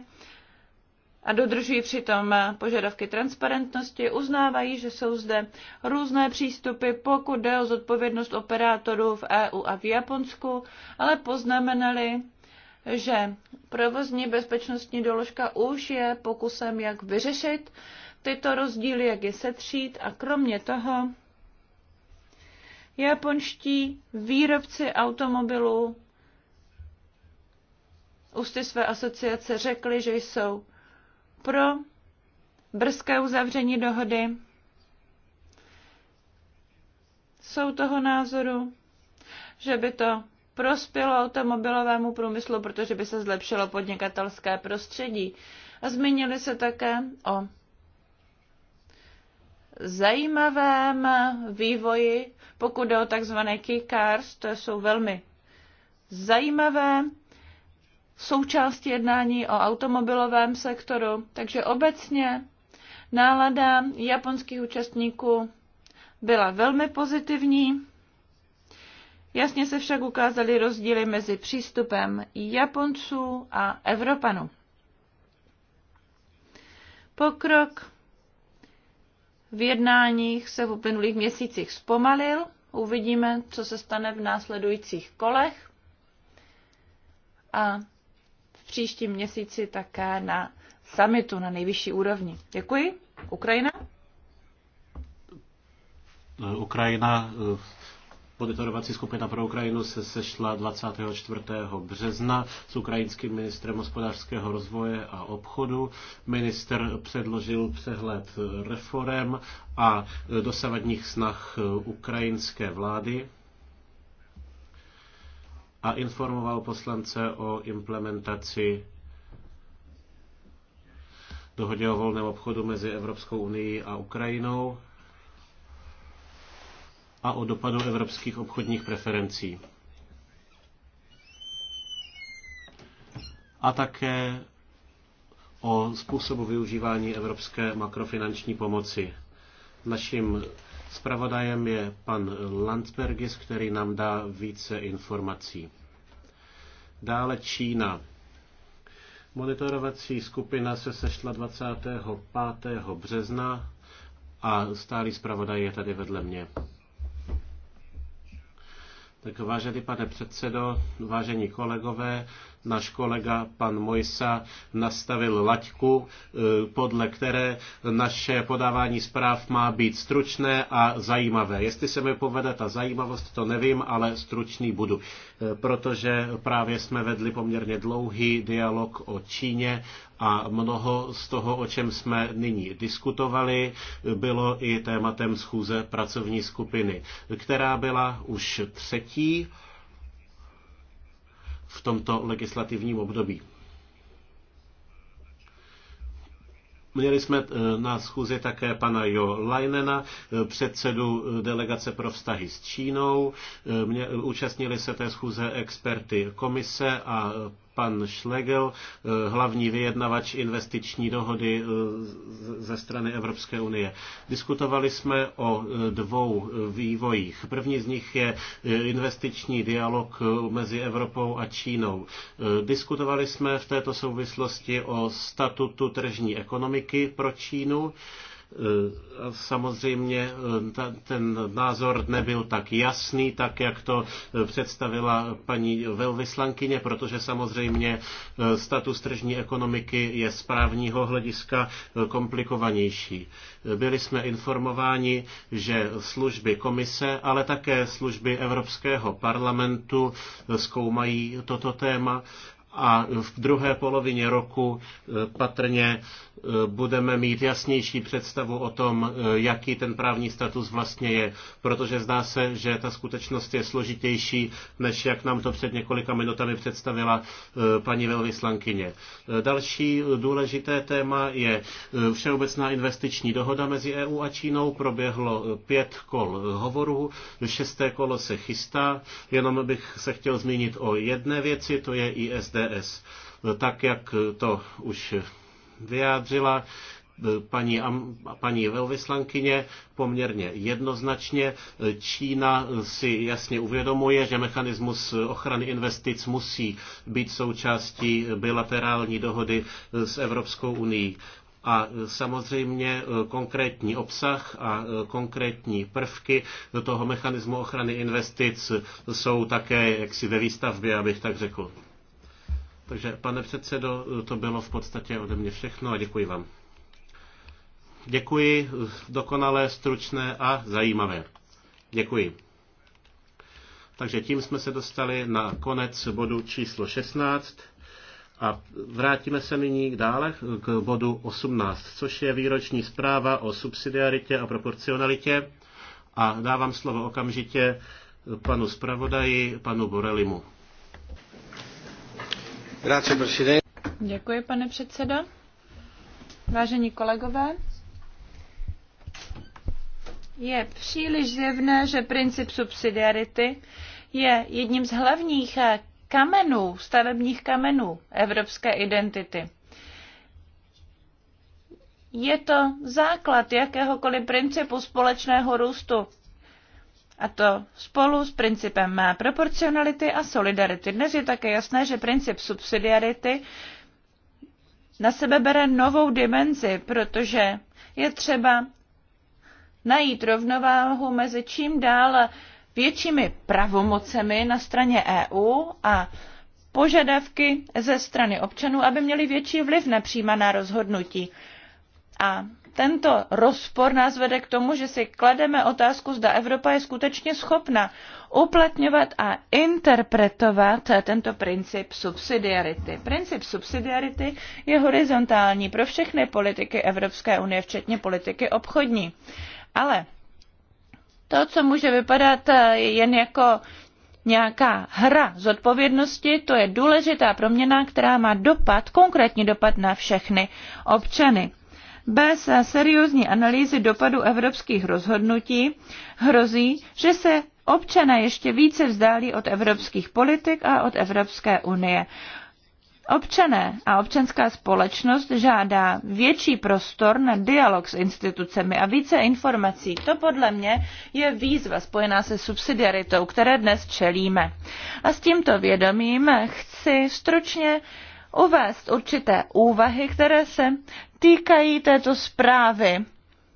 [SPEAKER 2] a dodržují přitom požadavky transparentnosti, uznávají, že jsou zde různé přístupy, pokud jde o zodpovědnost operátorů v EU a v Japonsku, ale poznamenali, že provozní bezpečnostní doložka už je pokusem, jak vyřešit tyto rozdíly, jak je setřít a kromě toho japonští výrobci automobilů ústy své asociace řekli, že jsou pro brzké uzavření dohody. Jsou toho názoru, že by to prospělo automobilovému průmyslu, protože by se zlepšilo podnikatelské prostředí. A zmínili se také o zajímavém vývoji, pokud jde o tzv. key cars, to jsou velmi zajímavé součástí jednání o automobilovém sektoru. Takže obecně nálada japonských účastníků byla velmi pozitivní. Jasně se však ukázaly rozdíly mezi přístupem Japonců a Evropanů. Pokrok v jednáních se v uplynulých měsících zpomalil. Uvidíme, co se stane v následujících kolech. A v příštím měsíci také na summitu na nejvyšší úrovni. Děkuji. Ukrajina?
[SPEAKER 1] Eh, Ukrajina, eh, monitorovací skupina pro Ukrajinu se sešla 24. března s ukrajinským ministrem hospodářského rozvoje a obchodu. Minister předložil přehled eh, reform a dosavadních snah ukrajinské vlády a informoval poslance o implementaci dohodě o volném obchodu mezi Evropskou unii a Ukrajinou a o dopadu evropských obchodních preferencí. A také o způsobu využívání evropské makrofinanční pomoci. Naším Spravodajem je pan Landsbergis, který nám dá více informací. Dále Čína. Monitorovací skupina se sešla 25. března a stálý zpravodaj je tady vedle mě. Tak vážený pane předsedo, vážení kolegové, náš kolega pan Mojsa nastavil laťku, e, podle které naše podávání zpráv má být stručné a zajímavé. Jestli se mi povede ta zajímavost, to nevím, ale stručný budu, e, protože právě jsme vedli poměrně dlouhý dialog o Číně a mnoho z toho, o čem jsme nyní diskutovali, bylo i tématem schůze pracovní skupiny, která byla už třetí v tomto legislativním období. Měli jsme eh, na schůzi také pana Jo Leinena, eh, předsedu eh, delegace pro vztahy s Čínou. Mě, účastnili se té schůze experty komise a pan Schlegel, eh, hlavní vyjednavač investiční dohody eh, ze strany Evropské unie. Diskutovali jsme o eh, dvou vývojích. První z nich je investiční dialog mezi Evropou a Čínou. Diskutovali jsme v této souvislosti o statutu tržní ekonomiky pro Čínu. Eh, samozřejmě eh, ten názor nebyl tak jasný, tak jak to eh, představila paní velvyslankyně, protože samozřejmě status tržní ekonomiky je z právního hlediska komplikovanější. Byli jsme informováni, že služby komise, ale také služby Evropského parlamentu zkoumají toto téma a v druhé polovině roku eh, patrně eh, budeme mít jasnější představu o tom, eh, jaký ten právní status vlastně je, protože zdá se, že ta skutečnost je složitější, než jak nám to před několika minutami představila paní velvyslankyně. Další důležité téma je Všeobecná investiční dohoda mezi EU a Čínou. Proběhlo pět kol hovorů, šesté kolo se chystá, jenom bych se chtěl zmínit o jedné věci, to je ISD. ODS. Tak, jak to už vyjádřila eh, paní, paní velvyslankyně poměrně jednoznačně. Eh, Čína si jasně uvědomuje, že mechanismus ochrany investic musí být součástí bilaterální dohody eh, s Evropskou unii. A samozřejmě konkrétní obsah a konkrétní prvky toho mechanismu ochrany investic jsou také jaksi ve výstavbě, abych tak řekl. Takže, pane předsedo, to bylo v podstatě ode mě všechno a děkuji vám. Děkuji, dokonalé, stručné a zajímavé. Děkuji. Takže tím jsme se dostali na konec bodu číslo 16 a vrátíme se nyní dále k bodu 18, což je výroční zpráva o subsidiaritě a proporcionalitě. A dávám slovo okamžitě panu zpravodaji, panu Borelimu.
[SPEAKER 2] Děkuji, pane předsedající kolegové, je příliš zjevné, že princip subsidiarity je jedním z hlavních eh, kamenů, stavebních kamenů evropské identity. Je to základ jakéhokoliv principu společného růstu a to spolu s principem má proporcionality a solidarity. Dnes je také jasné, že princip subsidiarity na sebe bere novou dimenzi, protože je třeba najít rovnováhu mezi čím dál většími pravomocemi na straně EU a požadavky ze strany občanů, aby měli větší vliv na přijímaná rozhodnutí. A tento rozpor nás vede k tomu, že si klademe otázku, zda Evropa je skutečně schopna uplatňovat a interpretovat tento princip subsidiarity. Princip subsidiarity je horizontální pro všechny politiky Evropské unie, včetně politiky obchodní. Ale to, co může vypadat eh, jen jako nějaká hra zodpovědnosti, to je důležitá proměna, která má dopad, konkrétní dopad na všechny občany. Bez seriózní analýzy dopadu evropských rozhodnutí hrozí, že se občané ještě více vzdálí od evropských politik a od Evropské unie. Občané a občanská společnost žádá větší prostor na dialog s institucemi a více informací. To podle mě je výzva spojená se subsidiaritou, které dnes čelíme. A s tímto vědomím chci stručně uvést určité úvahy, které se týkají této zprávy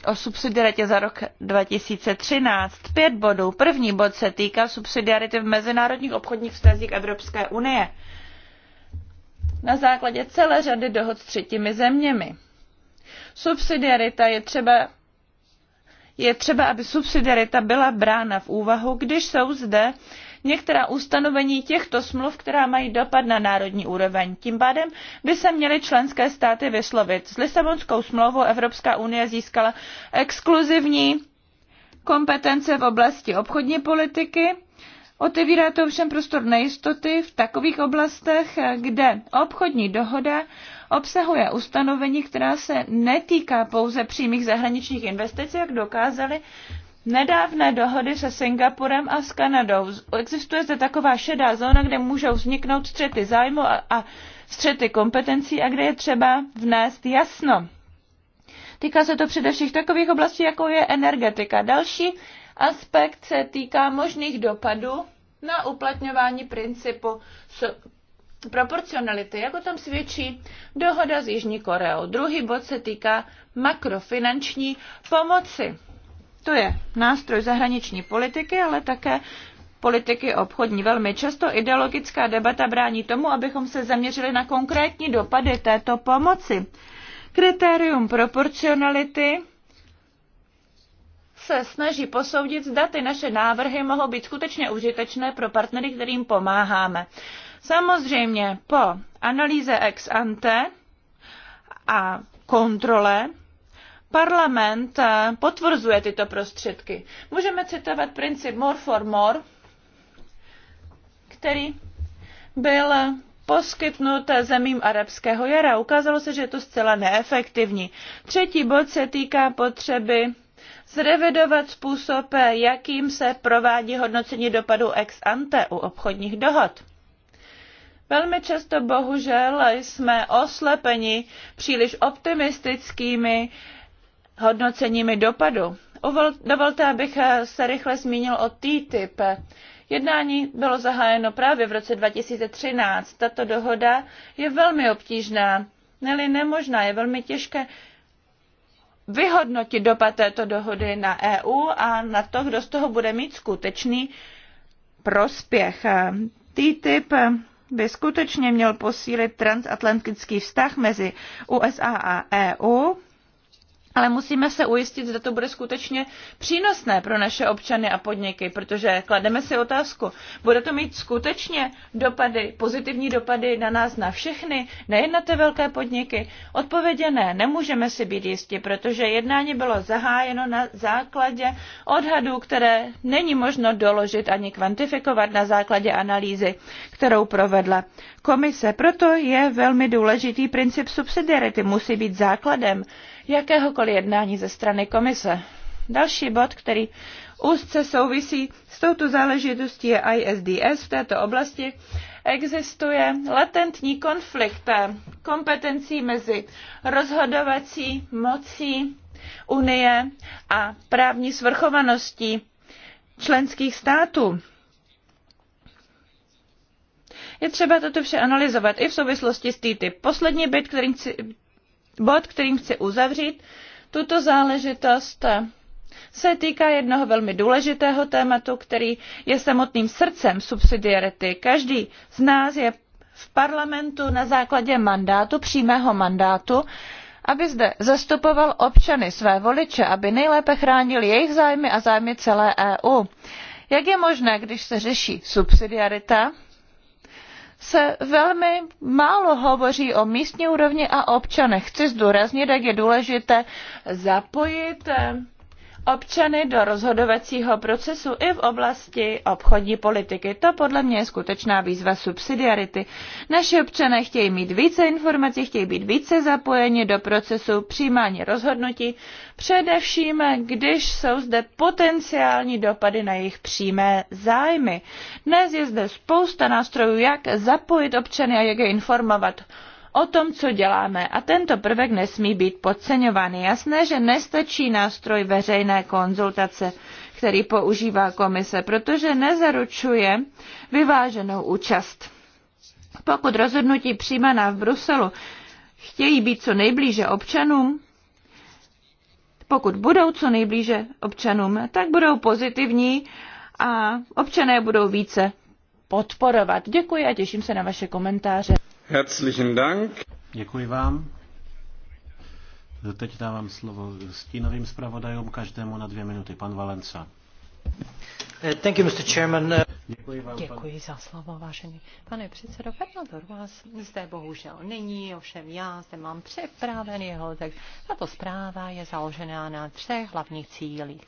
[SPEAKER 2] o subsidiaritě za rok 2013. Pět bodů. První bod se týká subsidiarity v mezinárodních obchodních vztazích Evropské unie na základě celé řady dohod s třetími zeměmi. Subsidiarita je třeba je třeba, aby subsidiarita byla brána v úvahu, když jsou zde uh, některá ustanovení těchto smluv, která mají dopad na národní úroveň. Tím pádem by se měly členské státy vyslovit. S Lisabonskou smlouvou Evropská unie získala exkluzivní kompetence v oblasti obchodní politiky, Otevírá to ovšem prostor nejistoty v takových oblastech, kde obchodní dohoda obsahuje ustanovení, která se netýká pouze přímých zahraničních investic, jak dokázali nedávné dohody se Singapurem a s Kanadou. Existuje zde taková šedá zóna, kde můžou vzniknout střety zájmu a, a střety kompetencí a kde je třeba vnést jasno. Týká se to především takových oblastí, jako je energetika. Další aspekt se týká možných dopadů na uplatňování principu proporcionality, jako tam svědčí dohoda s Jižní Koreou. Druhý bod se týká makrofinanční pomoci. To je nástroj zahraniční politiky, ale také politiky obchodní. Velmi často ideologická debata brání tomu, abychom se zaměřili na konkrétní dopady této pomoci. Kritérium proporcionality se snaží posoudit, zda ty naše návrhy mohou být skutečně užitečné pro partnery, kterým pomáháme. Samozřejmě po analýze ex ante a kontrole parlament eh, potvrzuje tyto prostředky. Můžeme citovat princip more for more, který byl poskytnut zemím arabského jara. Ukázalo se, že je to zcela neefektivní. Třetí bod se týká potřeby zrevidovat způsob, jakým se provádí hodnocení dopadu ex ante u obchodních dohod. Velmi často bohužel jsme oslepeni příliš optimistickými uh, hodnoceními dopadu. Dovolte, abych eh, se rychle zmínil o TTIP. Jednání bylo zahájeno právě v roce 2013. Tato dohoda je velmi obtížná, neli nemožná, je velmi těžké vyhodnotit dopad této dohody na EU a na to, kdo z toho bude mít skutečný prospěch. TTIP by skutečně měl posílit transatlantický vztah mezi USA a EU ale musíme se ujistit, zda to bude skutečně přínosné pro naše občany a podniky, protože klademe si otázku, bude to mít skutečně dopady, pozitivní dopady na nás, na všechny, nejen na ty velké podniky? Odpovědě ne, nemůžeme si být jisti, protože jednání bylo zahájeno na základě odhadů, které není možno doložit ani kvantifikovat na základě analýzy, kterou provedla komise. Proto je velmi důležitý princip subsidiarity, musí být základem jakéhokoliv jednání ze strany komise. Další bod, který úzce souvisí s touto záležitostí je ISDS. V této oblasti existuje latentní konflikt kompetencí mezi rozhodovací mocí Unie a právní svrchovaností členských států. Je třeba toto vše analyzovat i v souvislosti s TTIP. Poslední byt, který chci bod, kterým chci uzavřít tuto záležitost, eh, se týká jednoho velmi důležitého tématu, který je samotným srdcem subsidiarity. Každý z nás je v parlamentu na základě mandátu, přímého mandátu, aby zde zastupoval občany své voliče, aby nejlépe chránil jejich zájmy a zájmy celé EU. Jak je možné, když se řeší subsidiarita, se velmi málo hovoří o místní úrovni a občanech. Chci zdůraznit, jak je důležité zapojit eh, občany do rozhodovacího procesu i v oblasti obchodní politiky. To podle mě je skutečná výzva subsidiarity. Naši občané chtějí mít více informací, chtějí být více zapojeni do procesu přijímání rozhodnutí, především když jsou zde potenciální dopady na jejich přímé zájmy. Dnes je zde spousta nástrojů, jak zapojit občany a jak je informovat o tom, co děláme. A tento prvek nesmí být podceňován. Je jasné, že nestačí nástroj veřejné konzultace, který používá komise, protože nezaručuje vyváženou účast. Pokud rozhodnutí přijímaná v Bruselu chtějí být co nejblíže občanům, pokud budou co nejblíže občanům, tak budou pozitivní a občané budou více podporovat. Děkuji a těším se na vaše komentáře.
[SPEAKER 1] Děkuji vám. Teď dávám slovo stínovým zpravodajům, každému na dvě minuty. Pan Valenca. Eh, thank you, Mr. Chairman. Eh, Děkuji, vám, Děkuji
[SPEAKER 3] pan... za slovo, vážený pane předsedo. Fernando Ruas zde bohužel není, ovšem já zde mám připraven jeho, tak tato zpráva je založená na třech hlavních cílích.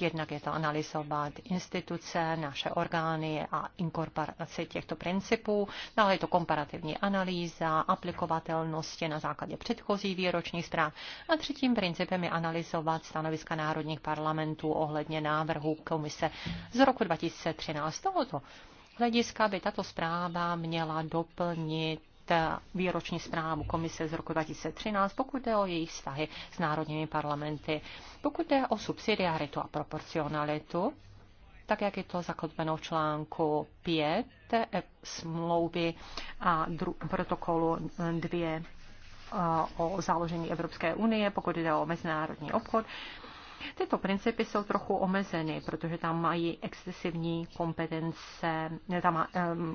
[SPEAKER 3] Jednak je to analyzovat instituce, naše orgány a inkorporaci těchto principů. Dále je to komparativní analýza, aplikovatelnosti na základě předchozí výročních zpráv. A třetím principem je analyzovat stanoviska národních parlamentů ohledně návrhu komise z roku 2013. Tohoto hlediska by tato zpráva měla doplnit Eh, výroční zprávu komise z roku 2013, pokud jde o jejich vztahy s národními parlamenty. Pokud jde o subsidiaritu a proporcionalitu, tak jak je to zakotveno v článku 5 eh, smlouvy a protokolu 2 eh, o založení Evropské unie, pokud jde o mezinárodní obchod, Tyto principy jsou trochu omezeny, protože tam mají excesivní kompetence, tam má,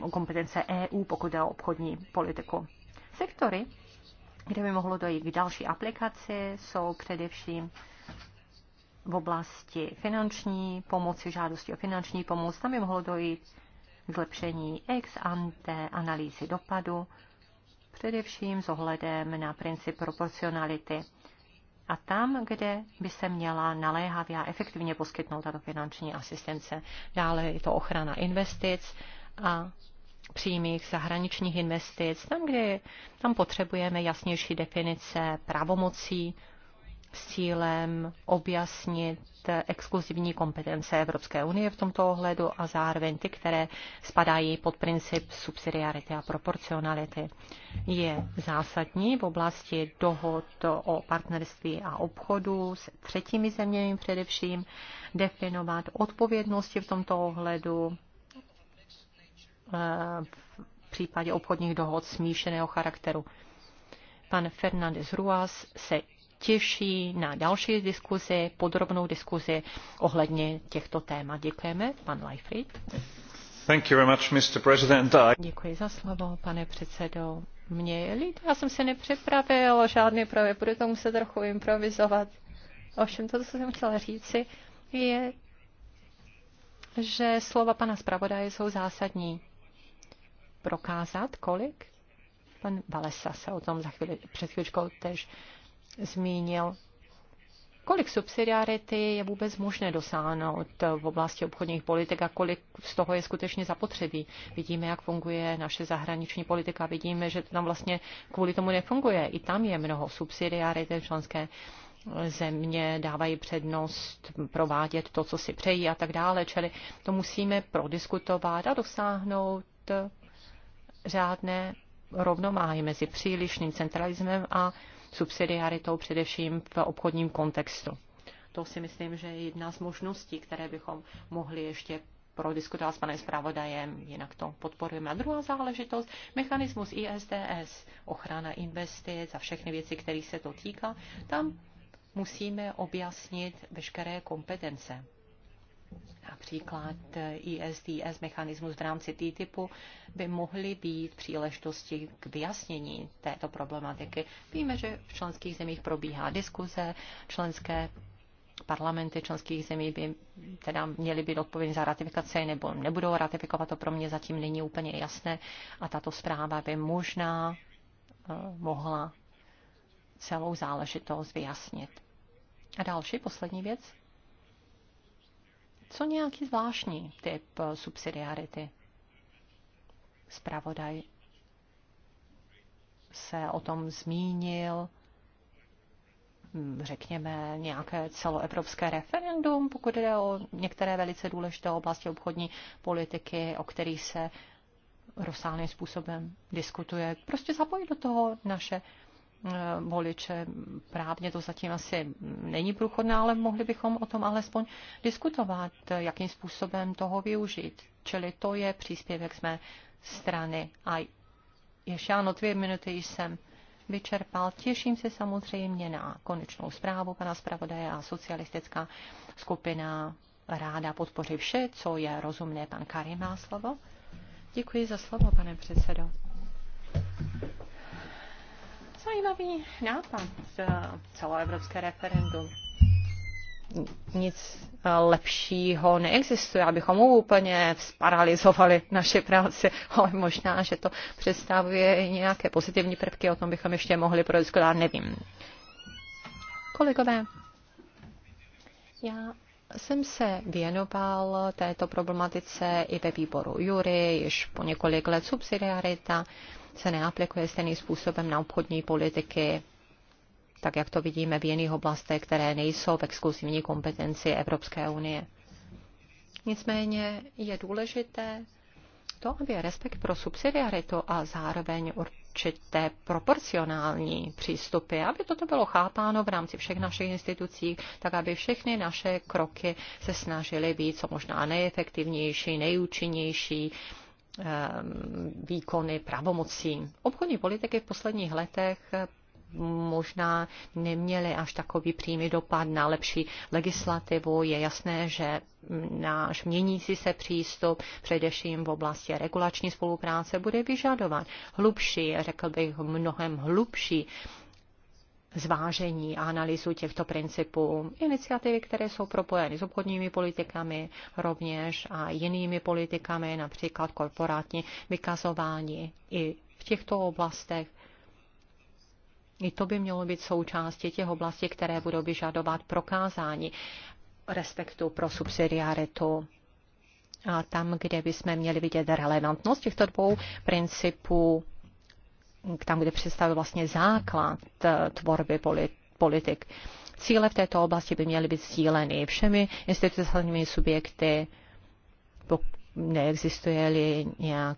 [SPEAKER 3] um, kompetence EU, pokud jde o obchodní politiku. Sektory, kde by mohlo dojít k další aplikaci, jsou především v oblasti finanční pomoci, žádosti o finanční pomoc. Tam by mohlo dojít k zlepšení ex ante analýzy dopadu, především s ohledem na princip proporcionality a tam, kde by se měla naléhavě a efektivně poskytnout tato finanční asistence. Dále je to ochrana investic a přímých zahraničních investic, tam, kde tam potřebujeme jasnější definice pravomocí s cílem objasnit exkluzivní kompetence Evropské unie v tomto ohledu a zároveň ty, které spadají pod princip subsidiarity a proporcionality. Je zásadní v oblasti dohod o partnerství a obchodu s třetími zeměmi především definovat odpovědnosti v tomto ohledu eh, v případě obchodních dohod smíšeného charakteru. Pan Fernández Ruas se těší na další diskuzi, podrobnou diskuzi ohledně těchto témat. Děkujeme, pan Leifried.
[SPEAKER 2] Thank you very much, Mr. President. I... Děkuji
[SPEAKER 3] za slovo, pane předsedo. Mně je líto, já jsem se nepřipravil žádný projev, budu to muset trochu improvizovat. Ovšem to, co jsem chtěla říci, je, že slova pana zpravodaje jsou zásadní. Prokázat, kolik? Pan Valesa se o tom za chvíli, před chvíličkou tež zmínil. Kolik subsidiarity je vůbec možné dosáhnout v oblasti obchodních politik a kolik z toho je skutečně zapotřebí? Vidíme, jak funguje naše zahraniční politika, vidíme, že to tam vlastně kvůli tomu nefunguje. I tam je mnoho subsidiarity členské země dávají přednost provádět to, co si přejí a tak dále. Čili to musíme prodiskutovat a dosáhnout řádné rovnováhy mezi přílišným centralismem a subsidiaritou především v obchodním kontextu. To si myslím, že je jedna z možností, které bychom mohli ještě prodiskutovat s panem zpravodajem, jinak to podporujeme. A druhá záležitost, mechanismus ISDS, ochrana investic a všechny věci, kterých se to týká, tam musíme objasnit veškeré kompetence například eh, ISDS mechanismus v rámci TTIPu, by mohly být příležitosti k vyjasnění této problematiky. Víme, že v členských zemích probíhá diskuze, členské parlamenty členských zemí by teda měly být odpovědní za ratifikaci nebo nebudou ratifikovat, to pro mě zatím není úplně jasné a tato zpráva by možná eh, mohla celou záležitost vyjasnit. A další, poslední věc, co nějaký zvláštní typ eh, subsidiarity? Spravodaj se o tom zmínil, hmm, řekněme, nějaké celoevropské referendum, pokud jde o některé velice důležité oblasti obchodní politiky, o kterých se rozsáhlým způsobem diskutuje. Prostě zapojit do toho naše Eh, voliče. Právně to zatím asi není průchodné, ale mohli bychom o tom alespoň diskutovat, eh, jakým způsobem toho využít. Čili to je příspěvek z mé strany. A ještě ano, dvě minuty jsem vyčerpal. Těším se samozřejmě na konečnou zprávu pana zpravodaje a socialistická skupina ráda podpoří vše, co je rozumné. Pan Karim má slovo. Děkuji za slovo, pane předsedo zajímavý nápad, celoevropské referendum. Nic eh, lepšího neexistuje, abychom úplně sparalizovali naše práce, [laughs] ale možná, že to představuje i nějaké pozitivní prvky, o tom bychom ještě mohli prodiskutovat, nevím. Kolegové, já jsem se věnoval této problematice i ve výboru Jury, již po několik let subsidiarita se neaplikuje stejným způsobem na obchodní politiky, tak jak to vidíme v jiných oblastech, které nejsou v exkluzivní kompetenci Evropské unie. Nicméně je důležité to, aby respekt pro subsidiaritu a zároveň určité proporcionální přístupy, aby toto bylo chápáno v rámci všech našich institucí, tak aby všechny naše kroky se snažily být co možná nejefektivnější, nejúčinnější, Ehm, výkony pravomocí. Obchodní politiky v posledních letech ehm, možná neměly až takový přímý dopad na lepší legislativu. Je jasné, že náš měnící se přístup, především v oblasti regulační spolupráce, bude vyžadovat hlubší, řekl bych, mnohem hlubší zvážení a analýzu těchto principů. Iniciativy, které jsou propojeny s obchodními politikami rovněž a jinými politikami, například korporátní vykazování i v těchto oblastech. I to by mělo být součástí těch oblastí, které budou vyžadovat prokázání respektu pro subsidiaritu. A tam, kde bychom měli vidět relevantnost těchto dvou principů, tam, kde představil vlastně základ eh, tvorby politik. Cíle v této oblasti by měly být sdíleny všemi institucionálními subjekty, neexistuje-li nějak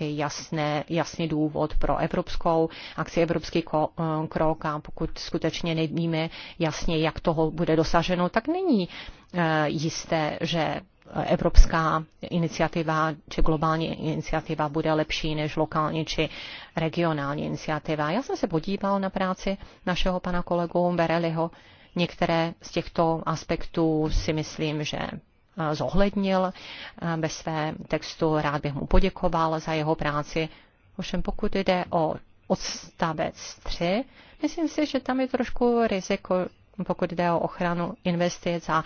[SPEAKER 3] jasné, jasný důvod pro evropskou akci, evropský eh, krok a pokud skutečně nevíme jasně, jak toho bude dosaženo, tak není eh, jisté, že evropská iniciativa či globální iniciativa bude lepší než lokální či regionální iniciativa. Já jsem se podíval na práci našeho pana kolegu Bereliho. Některé z těchto aspektů si myslím, že eh, zohlednil eh, ve své textu. Rád bych mu poděkoval za jeho práci. Ovšem pokud jde o odstavec 3, myslím si, že tam je trošku riziko, pokud jde o ochranu investic a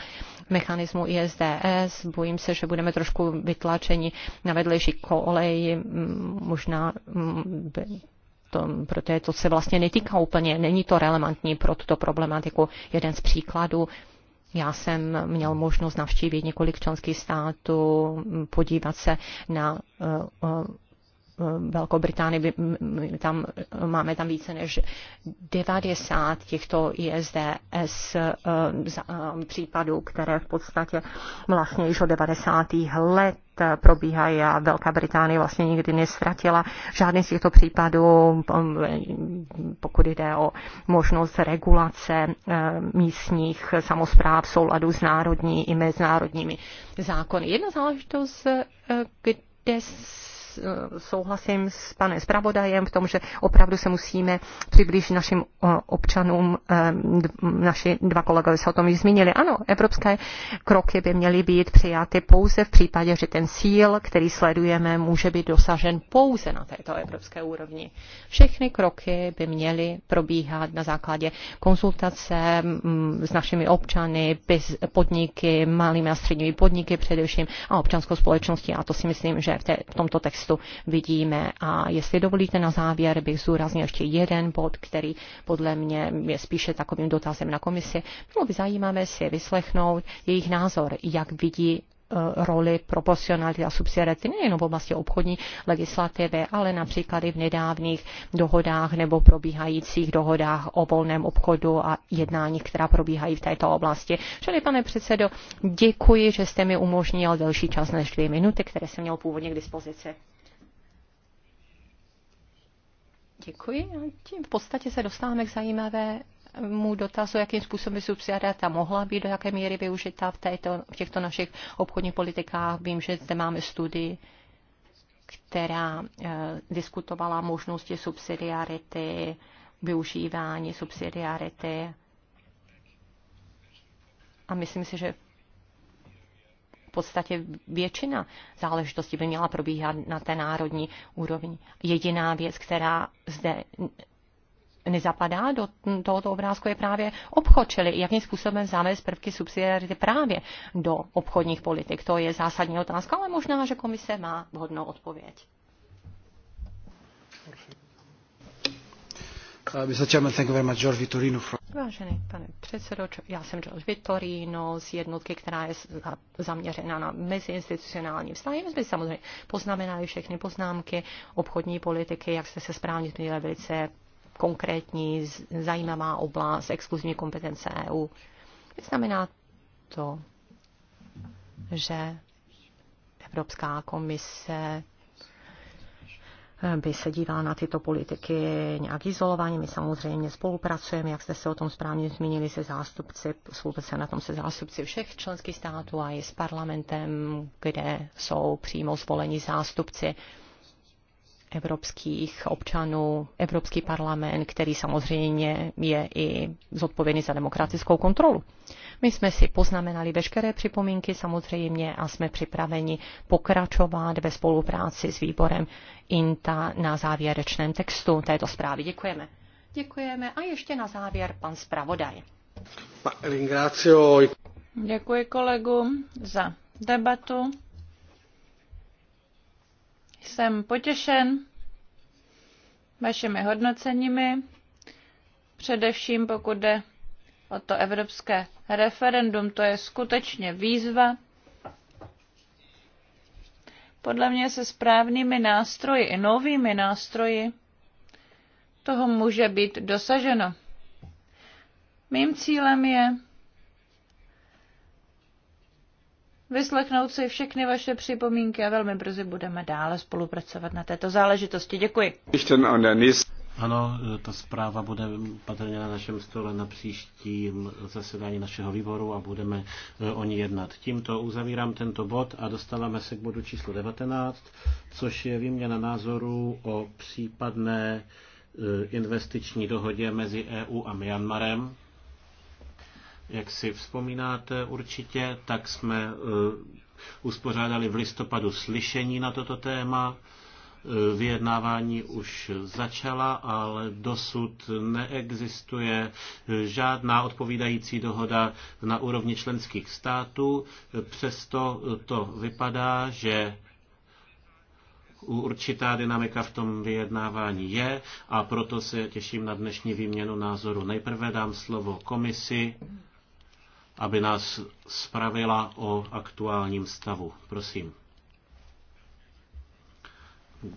[SPEAKER 3] mechanismu ISDS. Bojím se, že budeme trošku vytlačeni na vedlejší kolej, mm, možná mm, to, protože to se vlastně netýká úplně, není to relevantní pro tuto problematiku. Jeden z příkladů, já jsem měl možnost navštívit několik členských států, podívat se na eh, eh, Velkou Británii, by, tam, máme tam více než 90 těchto ISDS eh, eh, případů, které v podstatě vlastně již od 90. let probíhají a Velká Británie vlastně nikdy nestratila žádný z těchto případů, pokud jde o možnost regulace eh, místních samozpráv v souladu s národní i mezinárodními zákony. Jedna záležitost, kde souhlasím s panem zpravodajem v tom, že opravdu se musíme přiblížit našim eh, občanům. Eh, naši dva kolegové se o tom již zmínili. Ano, evropské kroky by měly být přijaty pouze v případě, že ten cíl, který sledujeme, může být dosažen pouze na této evropské úrovni. Všechny kroky by měly probíhat na základě konzultace mm, s našimi občany, podniky, malými a středními podniky především a občanskou společností. A to si myslím, že v, té, v tomto textu kontextu vidíme. A jestli dovolíte na závěr, bych zúraznil ještě jeden bod, který podle mě je spíše takovým dotazem na komisi. Bylo by zajímavé si vyslechnout jejich názor, jak vidí e, roli proporcionality a subsidiarity nejen v oblasti obchodní legislativy, ale například i v nedávných dohodách nebo probíhajících dohodách o volném obchodu a jednáních, která probíhají v této oblasti. Čili, pane předsedo, děkuji, že jste mi umožnil delší čas než dvě minuty, které jsem měl původně k dispozici. Děkuji. No, tím v podstatě se dostáváme k zajímavému dotazu, jakým způsobem by subsidiarita mohla být, do jaké míry využita v, této, v těchto našich obchodních politikách. Vím, že zde máme studii, která eh, diskutovala možnosti subsidiarity, využívání subsidiarity. A myslím si, že podstatě většina záležitostí by měla probíhat na té národní úrovni. Jediná věc, která zde nezapadá do tohoto obrázku, je právě obchod, čili jakým způsobem zavést prvky subsidiarity právě do obchodních politik. To je zásadní otázka, ale možná, že komise má vhodnou odpověď.
[SPEAKER 1] Uh, Mr. Chairman, thank you very much. George Vitorino from
[SPEAKER 3] Vážený pane předsedo, já jsem George Vitorino z jednotky, která je zaměřena na meziinstitucionální vztahy. My jsme samozřejmě poznamenali všechny poznámky obchodní politiky, jak jste se správně zmínili, velice konkrétní, zajímavá oblast exkluzivní kompetence EU. Znamená to, že Evropská komise by se díval na tyto politiky nějak izolovaně. My samozřejmě spolupracujeme, jak jste se o tom správně zmínili, se zástupci, spolupracujeme na tom se zástupci všech členských států a i s parlamentem, kde jsou přímo zvoleni zástupci evropských občanů, Evropský parlament, který samozřejmě je i zodpovědný za demokratickou kontrolu my jsme si poznamenali veškeré připomínky samozřejmě a jsme připraveni pokračovat ve spolupráci s výborem INTA na závěrečném textu této zprávy. Děkujeme. Děkujeme a ještě na závěr
[SPEAKER 2] pan zpravodaj. Děkuji kolegům za debatu. Jsem potěšen vašimi hodnoceními, především pokud jde o to evropské referendum. To je skutečně výzva. Podle mě se správnými nástroji i novými nástroji toho může být dosaženo. Mým cílem je vyslechnout si všechny vaše připomínky a velmi brzy budeme dále spolupracovat na této záležitosti. Děkuji.
[SPEAKER 1] Ano, ta zpráva bude patrně na našem stole na příštím zasedání našeho výboru a budeme eh, o ní jednat. Tímto uzavírám tento bod a dostáváme se k bodu číslo 19, což je výměna názorů o případné eh, investiční dohodě mezi EU a Myanmarem. Jak si vzpomínáte určitě, tak jsme eh, uspořádali v listopadu slyšení na toto téma Eh, vyjednávání už začala, ale dosud neexistuje eh, žádná odpovídající dohoda na úrovni členských států. Eh, přesto to vypadá, že určitá dynamika v tom vyjednávání je a proto se těším na dnešní výměnu názoru. Nejprve dám slovo komisi, aby nás spravila o aktuálním stavu. Prosím.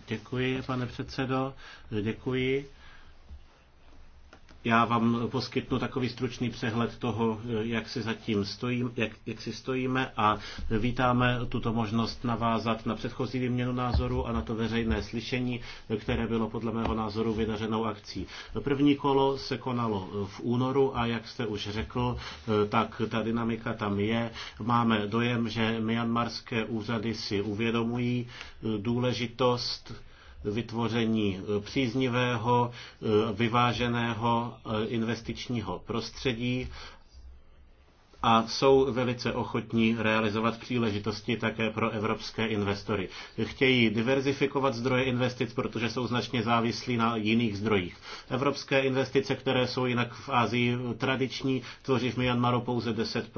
[SPEAKER 1] Děkuji, pane předsedo. Děkuji. Já vám poskytnu takový stručný přehled toho, jak si zatím stojím, jak, jak si stojíme a vítáme tuto možnost navázat na předchozí výměnu názoru a na to veřejné slyšení, které bylo podle mého názoru vydařenou akcí. První kolo se konalo v únoru a jak jste už řekl, tak ta dynamika tam je. Máme dojem, že myanmarské úřady si uvědomují důležitost vytvoření e, příznivého, e, vyváženého e, investičního prostředí a jsou velice ochotní realizovat příležitosti také pro evropské investory. Chtějí diverzifikovat zdroje investic, protože jsou značně závislí na jiných zdrojích. Evropské investice, které jsou jinak v Asii tradiční, tvoří v Myanmaru pouze 10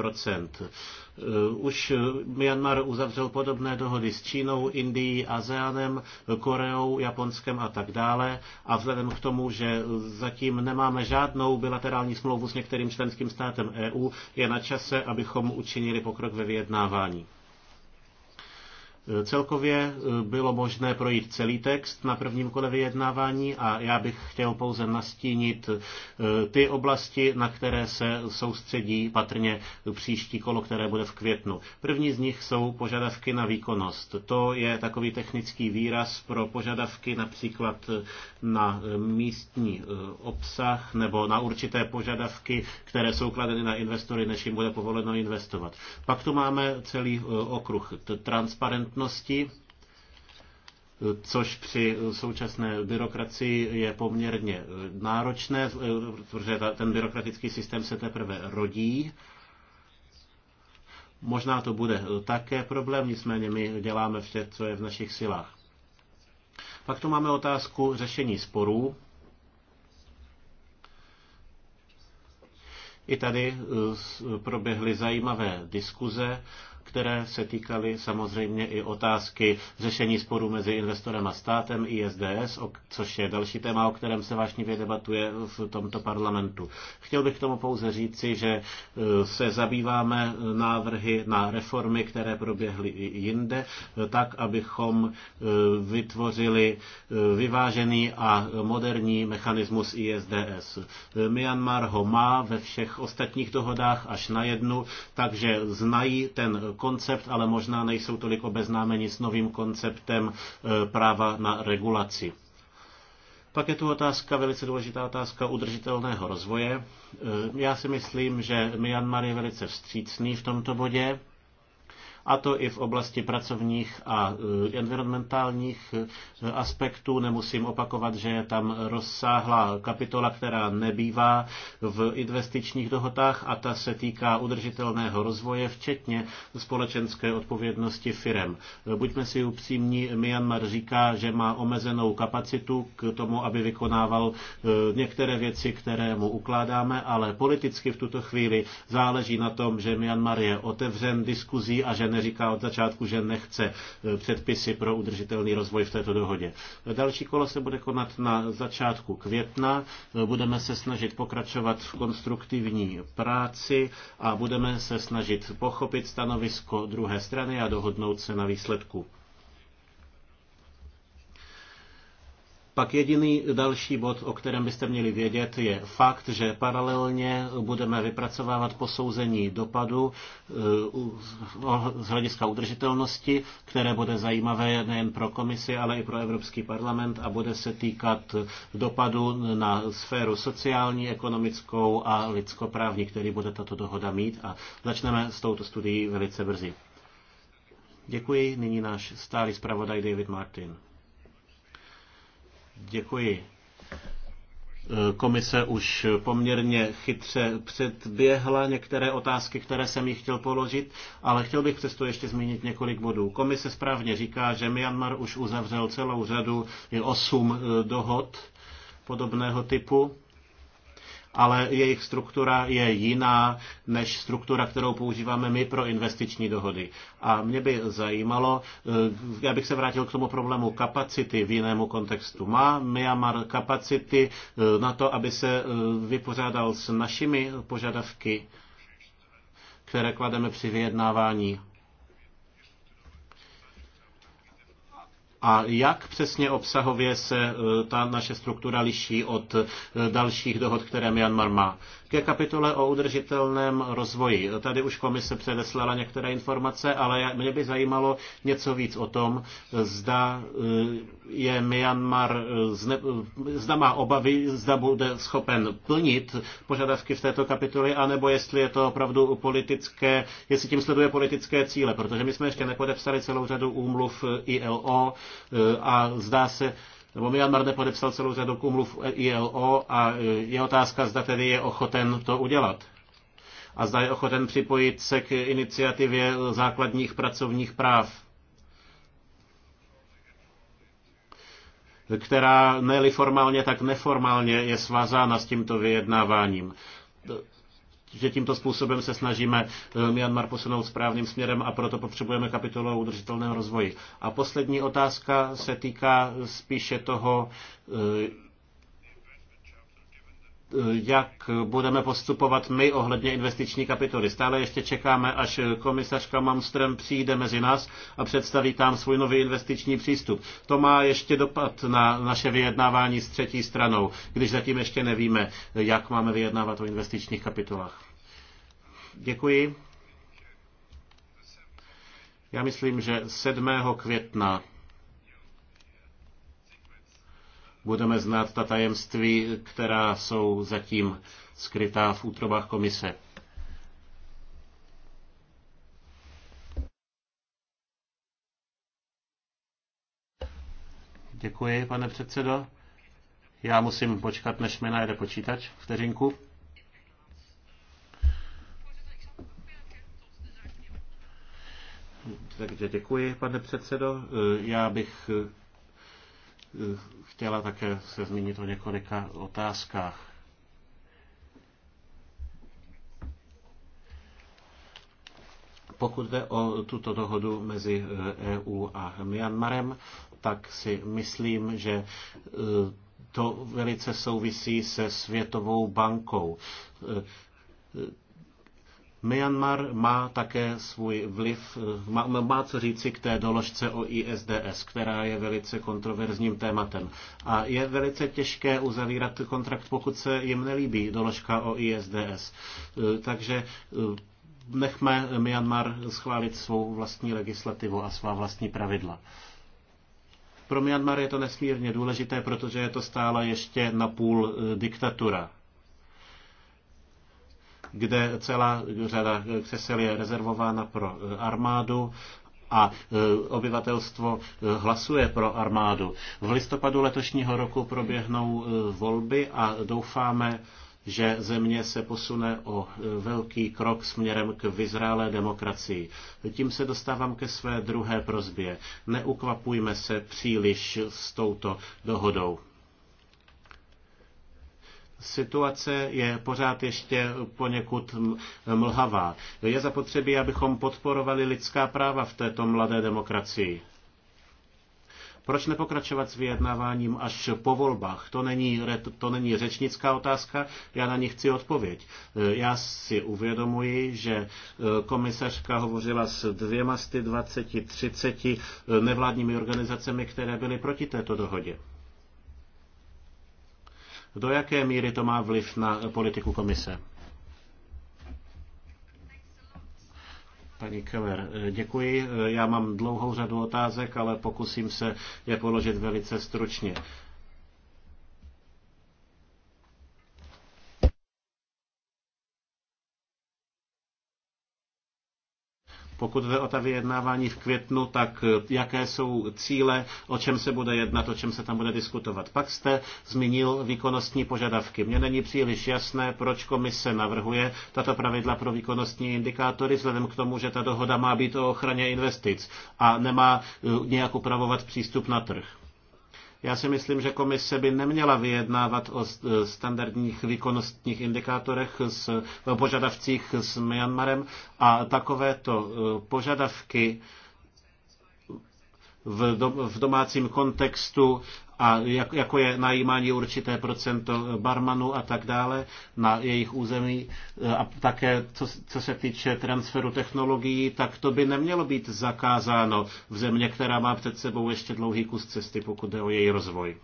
[SPEAKER 1] Eh, už eh, Myanmar uzavřel podobné dohody s Čínou, Indií, ASEANem, Koreou, Japonskem a tak dále. A vzhledem k tomu, že zatím nemáme žádnou bilaterální smlouvu s některým členským státem EU, je na čase, abychom učinili pokrok ve vyjednávání. Celkově eh, bylo možné projít celý text na prvním kole vyjednávání a já bych chtěl pouze nastínit eh, ty oblasti, na které se soustředí patrně příští kolo, které bude v květnu. První z nich jsou požadavky na výkonnost. To je takový technický výraz pro požadavky například eh, na místní obsah nebo na určité požadavky, které jsou kladeny na investory, než jim bude povoleno investovat. Pak tu máme celý okruh transparentnosti nutnosti, což při současné byrokracii je poměrně náročné, protože ten byrokratický systém se teprve rodí. Možná to bude také problém, nicméně my děláme vše, co je v našich silách. Pak tu máme otázku řešení sporů. I tady eh, proběhly zajímavé diskuze které se týkaly samozřejmě i otázky řešení sporu mezi investorem a státem, ISDS, což je další téma, o kterém se vášnivě debatuje v tomto parlamentu. Chtěl bych k tomu pouze říci, že e, se zabýváme návrhy na reformy, které proběhly i jinde, e, tak, abychom e, vytvořili vyvážený a moderní mechanismus ISDS. Myanmar ho má ve všech ostatních dohodách až na jednu, takže znají ten koncept, ale možná nejsou tolik obeznámeni s novým konceptem eh, práva na regulaci. Pak je tu otázka, velice důležitá otázka udržitelného rozvoje. Eh, já si myslím, že Myanmar je velice vstřícný v tomto bodě a to i v oblasti pracovních a e, environmentálních e, aspektů. Nemusím opakovat, že je tam rozsáhlá kapitola, která nebývá v investičních dohodách a ta se týká udržitelného rozvoje, včetně společenské odpovědnosti firem. E, buďme si upřímní, Myanmar říká, že má omezenou kapacitu k tomu, aby vykonával některé věci, které mu ukládáme, ale politicky v tuto chvíli záleží na tom, že Myanmar je otevřen diskuzí a že neříká od začátku, že nechce eh, předpisy pro udržitelný rozvoj v této dohodě. Další kolo se bude konat na začátku května. Eh, budeme se snažit pokračovat v konstruktivní práci a budeme se snažit pochopit stanovisko druhé strany a dohodnout se na výsledku. Pak jediný další bod, o kterém byste měli vědět, je fakt, že paralelně budeme vypracovávat posouzení dopadu eh, z hlediska udržitelnosti, které bude zajímavé nejen pro komisi, ale i pro Evropský parlament a bude se týkat dopadu na sféru sociální, ekonomickou a lidskoprávní, který bude tato dohoda mít a začneme s touto studií velice brzy. Děkuji. Nyní náš stálý zpravodaj David Martin. Děkuji. Komise už poměrně chytře předběhla některé otázky, které jsem jí chtěl položit, ale chtěl bych přesto ještě zmínit několik bodů. Komise správně říká, že Myanmar už uzavřel celou řadu, osm eh, dohod podobného typu ale jejich struktura je jiná než struktura, kterou používáme my pro investiční dohody. A mě by zajímalo, eh, já bych se vrátil k tomu problému kapacity v jinému kontextu. Má Myanmar kapacity eh, na to, aby se eh, vypořádal s našimi požadavky, které klademe při vyjednávání A jak přesně obsahově se e, ta naše struktura liší od e, dalších dohod, které Myanmar má? Ke kapitole o udržitelném rozvoji. Tady už komise předeslala některé informace, ale mě by zajímalo něco víc o tom, zda eh, je Myanmar, eh, eh, zda má obavy, zda bude schopen plnit požadavky v této kapitoli, anebo jestli je to opravdu politické, jestli tím sleduje politické cíle, protože my jsme ještě nepodepsali celou řadu úmluv ILO a zdá se, nebo Myanmar nepodepsal celou řadu kumluv ILO a e, je otázka, zda tedy je ochoten to udělat. A zda je ochoten připojit se k iniciativě základních pracovních práv. která ne formálně, tak neformálně je svázána s tímto vyjednáváním že tímto způsobem se snažíme eh, Myanmar posunout správným směrem a proto potřebujeme kapitolu o udržitelném rozvoji. A poslední otázka se týká spíše toho, eh, jak budeme postupovat my ohledně investiční kapitoly. Stále ještě čekáme, až komisařka Mamström přijde mezi nás a představí tam svůj nový investiční přístup. To má ještě dopad na naše vyjednávání s třetí stranou, když zatím ještě nevíme, jak máme vyjednávat o investičních kapitolách. Děkuji. Já myslím, že 7. května budeme znát ta tajemství, která jsou zatím skrytá v útrobách komise. Děkuji, pane předsedo. Já musím počkat, než mi najde počítač. Vteřinku. Takže děkuji, pane předsedo. Já bych Eh, chtěla také se zmínit o několika otázkách. Pokud jde o tuto dohodu mezi EU eh, e a Myanmarem, tak si myslím, že eh, to velice souvisí se Světovou bankou Myanmar má také svůj vliv, eh, má, má co říci k té doložce o ISDS, která je velice kontroverzním tématem. A je velice těžké uzavírat kontrakt, pokud se jim nelíbí doložka o ISDS. Eh, takže eh, nechme Myanmar schválit svou vlastní legislativu a svá vlastní pravidla. Pro Myanmar je to nesmírně důležité, protože je to stále ještě napůl diktatura kde celá řada křesel je rezervována pro e, armádu a e, obyvatelstvo e, hlasuje pro armádu. V listopadu letošního roku proběhnou volby a doufáme, že země se posune o velký krok směrem k vyzrálé demokracii. Tím se dostávám ke své druhé prozbě. Neukvapujme se příliš s touto dohodou situace je pořád ještě poněkud mlhavá. Je zapotřebí, abychom podporovali lidská práva v této mladé demokracii. Proč nepokračovat s vyjednáváním až po volbách? To není, to není řečnická otázka, já na ní chci odpověď. Já si uvědomuji, že e, komisařka hovořila s dvěma z 20, 30 e, nevládními organizacemi, které byly proti této dohodě. Do jaké míry to má vliv na politiku komise? Paní Keller, děkuji. Já mám dlouhou řadu otázek, ale pokusím se je položit velice stručně. Pokud jde o ta vyjednávání v květnu, tak eh, jaké jsou cíle, o čem se bude jednat, o čem se tam bude diskutovat. Pak jste zmínil výkonnostní požadavky. Mně není příliš jasné, proč komise navrhuje tato pravidla pro výkonnostní indikátory, vzhledem k tomu, že ta dohoda má být o ochraně investic a nemá eh, nějak upravovat přístup na trh. Já si myslím, že komise by neměla vyjednávat o standardních výkonnostních indikátorech, s, požadavcích s Myanmarem a takovéto e, požadavky v, domácím kontextu a jak, jako je najímání určité procento barmanů a tak dále na jejich území e, a také co, co se týče transferu technologií, tak to by nemělo být zakázáno v země, která má před sebou ještě dlouhý kus cesty, pokud jde o její rozvoj.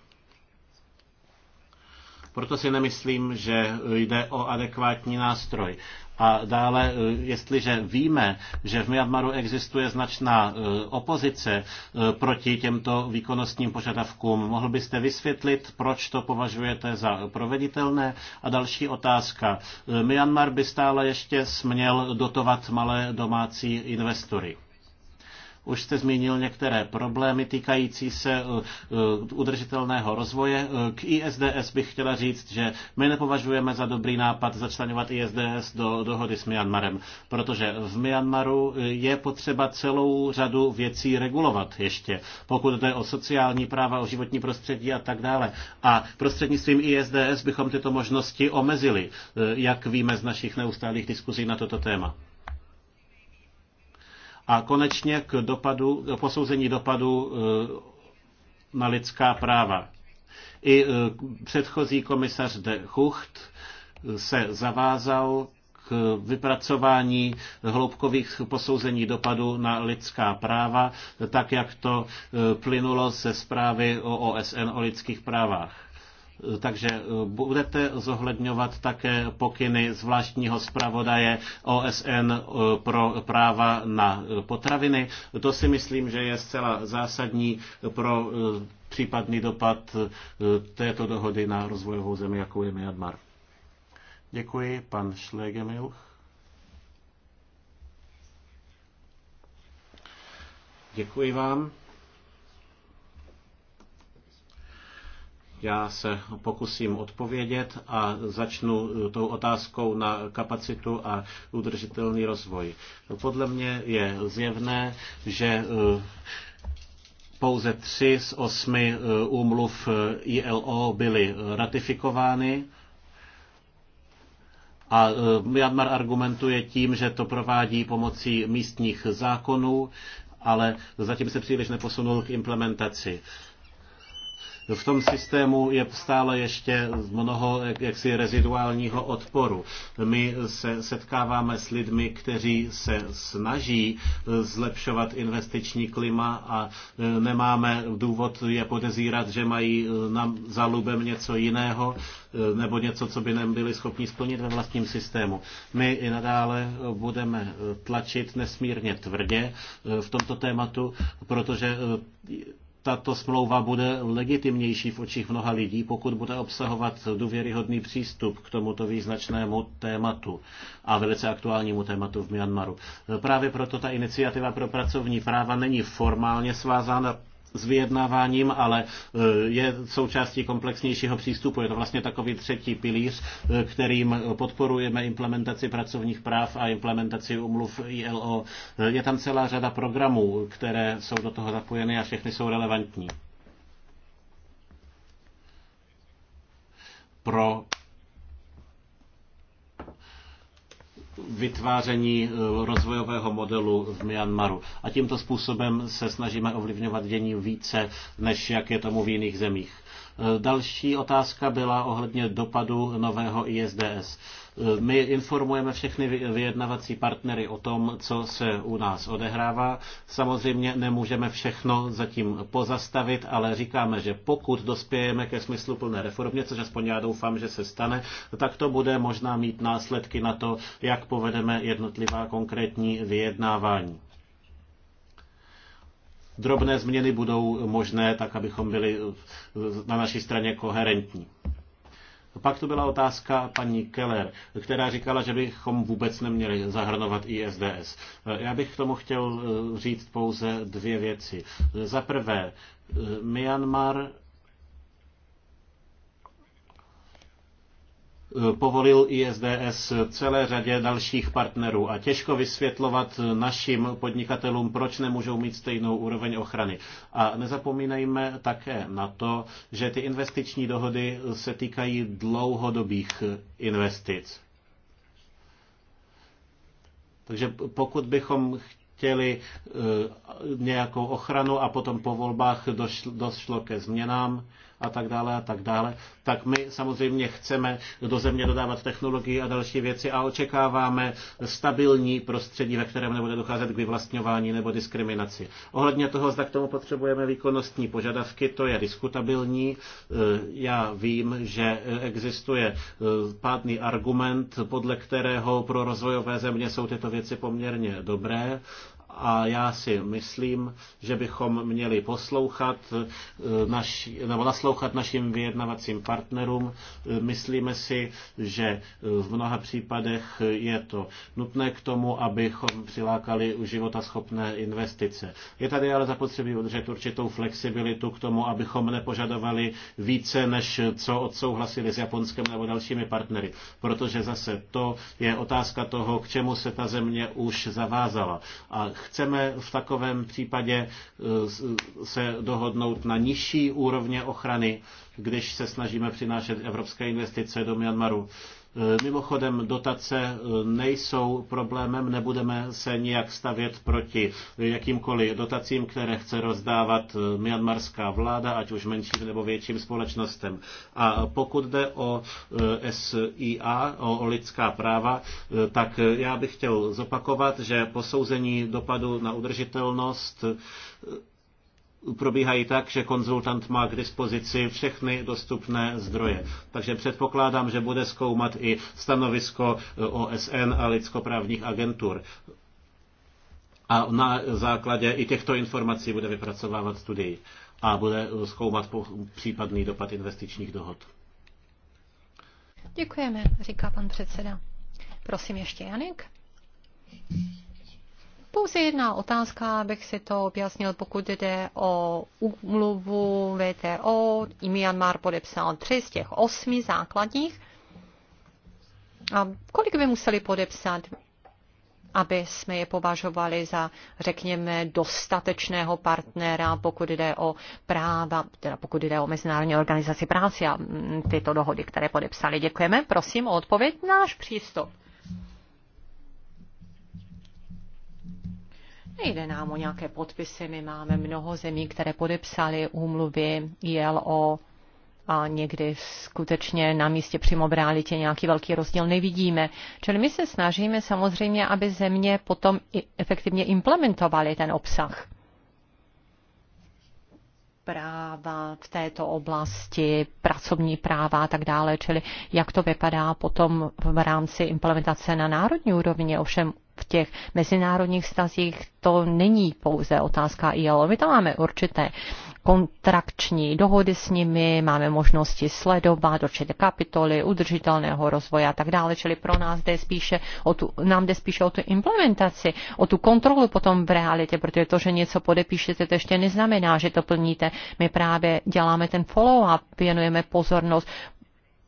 [SPEAKER 1] Proto si nemyslím, že jde o adekvátní nástroj. A dále, eh, jestliže víme, že v Myanmaru existuje značná eh, opozice eh, proti těmto výkonnostním požadavkům, mohl byste vysvětlit, proč to považujete za proveditelné? A další otázka. Myanmar by stále ještě směl dotovat malé domácí investory. Už jste zmínil některé problémy týkající se eh, eh, udržitelného rozvoje. Eh, k ISDS bych chtěla říct, že my nepovažujeme za dobrý nápad začlenovat ISDS do dohody s Myanmarem, protože v Myanmaru je potřeba celou řadu věcí regulovat ještě, pokud jde o sociální práva, o životní prostředí a tak dále. A prostřednictvím ISDS bychom tyto možnosti omezili, jak víme z našich neustálých diskuzí na toto téma. A konečně k dopadu, posouzení dopadu eh, na lidská práva. I eh, předchozí komisař de Hucht se zavázal k vypracování hloubkových posouzení dopadu na lidská práva, tak jak to eh, plynulo ze zprávy o OSN o lidských právách. Takže eh, budete zohledňovat také pokyny zvláštního zpravodaje OSN eh, pro práva na eh, potraviny. To si myslím, že je zcela zásadní pro případný dopad této dohody na rozvojovou zemi, jakou je Myanmar. Děkuji, pan Schlegemilch. Děkuji vám. Já se pokusím odpovědět a začnu eh, tou otázkou na kapacitu a udržitelný rozvoj. Podle mě je zjevné, že eh, pouze tři z osmi eh, úmluv ILO byly ratifikovány. A Myanmar argumentuje tím, že to provádí pomocí místních zákonů, ale zatím se příliš neposunul k implementaci. V tom systému je stále ještě mnoho jaksi reziduálního odporu. My se setkáváme s lidmi, kteří se snaží zlepšovat investiční klima a e, nemáme důvod je podezírat, že mají e, na lubem něco jiného e, nebo něco, co by byli schopni splnit ve vlastním systému. My i nadále budeme tlačit nesmírně tvrdě v tomto tématu, protože tato smlouva bude legitimnější v očích mnoha lidí, pokud bude obsahovat důvěryhodný přístup k tomuto význačnému tématu a velice aktuálnímu tématu v Myanmaru. Právě proto ta iniciativa pro pracovní práva není formálně svázána s vyjednáváním, ale e, je součástí komplexnějšího přístupu. Je to vlastně takový třetí pilíř, e, kterým podporujeme implementaci pracovních práv a implementaci umluv ILO. E, je tam celá řada programů, které jsou do toho zapojeny a všechny jsou relevantní. Pro vytváření eh, rozvojového modelu v Myanmaru. A tímto způsobem se snažíme ovlivňovat dění více, než jak je tomu v jiných zemích. Eh, další otázka byla ohledně dopadu nového ISDS. Eh, my informujeme všechny vyjednavací partnery o tom, co se u nás odehrává. Samozřejmě nemůžeme všechno zatím pozastavit, ale říkáme, že pokud dospějeme ke smysluplné reformě, což aspoň já doufám, že se stane, tak to bude možná mít následky na to, jak povedeme jednotlivá konkrétní vyjednávání. Drobné změny budou možné, tak abychom byli na naší straně koherentní. Pak to byla otázka paní Keller, která říkala, že bychom vůbec neměli zahrnovat ISDS. Já bych k tomu chtěl eh, říct pouze dvě věci. Za prvé, eh, Myanmar povolil ISDS celé řadě dalších partnerů a těžko vysvětlovat našim podnikatelům, proč nemůžou mít stejnou úroveň ochrany. A nezapomínejme také na to, že ty investiční dohody se týkají dlouhodobých investic. Takže pokud bychom chtěli eh, nějakou ochranu a potom po volbách došlo, došlo ke změnám, a tak dále a tak dále, tak my samozřejmě chceme do země dodávat technologii a další věci a očekáváme stabilní prostředí, ve kterém nebude docházet k vyvlastňování nebo diskriminaci. Ohledně toho, zda k tomu potřebujeme výkonnostní požadavky, to je diskutabilní. Eh, já vím, že existuje eh, pádný argument, podle kterého pro rozvojové země jsou tyto věci poměrně dobré, a já si myslím, že bychom měli poslouchat eh, naš, nebo naslouchat našim vyjednavacím partnerům. Eh, myslíme si, že eh, v mnoha případech je to nutné k tomu, abychom přilákali životaschopné investice. Je tady ale zapotřebí udržet určitou flexibilitu k tomu, abychom nepožadovali více, než co odsouhlasili s Japonskem nebo dalšími partnery. Protože zase to je otázka toho, k čemu se ta země už zavázala. A Chceme v takovém případě e, se dohodnout na nižší úrovně ochrany, když se snažíme přinášet evropské investice do Myanmaru. Eh, mimochodem, dotace eh, nejsou problémem, nebudeme se nijak stavět proti jakýmkoliv dotacím, které chce rozdávat eh, myanmarská vláda, ať už menším nebo větším společnostem. A pokud jde o SIA, o, lidská práva, tak já bych chtěl zopakovat, že posouzení dopadu na udržitelnost probíhají tak, že konzultant má k dispozici všechny dostupné zdroje. Takže předpokládám, že bude zkoumat i stanovisko eh, OSN a lidskoprávních agentur. A na základě i těchto informací bude vypracovávat studii a bude eh, zkoumat případný dopad investičních dohod.
[SPEAKER 3] Děkujeme, říká pan předseda. Prosím ještě Janek. Pouze jedna otázka, abych si to objasnil, pokud jde o úmluvu VTO. I Myanmar podepsal tři z těch osmi základních. A kolik by museli podepsat, aby jsme je považovali za, řekněme, dostatečného partnera, pokud jde o práva, teda pokud jde o Mezinárodní organizaci práce a mm, tyto dohody, které podepsali. Děkujeme, prosím o odpověď. Náš přístup Nejde nám o nějaké podpisy, my máme mnoho zemí, které podepsaly úmluvy ILO a někdy skutečně na místě přímo v realitě nějaký velký rozdíl nevidíme. Čili my se snažíme samozřejmě, aby země potom i efektivně implementovaly ten obsah práva v této oblasti, pracovní práva a tak dále, čili jak to vypadá potom v rámci implementace na národní úrovni. Ovšem v těch mezinárodních vztazích to není pouze otázka ILO. My tam máme určité kontrakční dohody s nimi, máme možnosti sledovat určité kapitoly udržitelného rozvoje a tak dále, čili pro nás jde spíše o tu, nám jde spíše o tu implementaci, o tu kontrolu potom v realitě, protože to, že něco podepíšete, to ještě neznamená, že to plníte. My právě děláme ten follow-up, věnujeme pozornost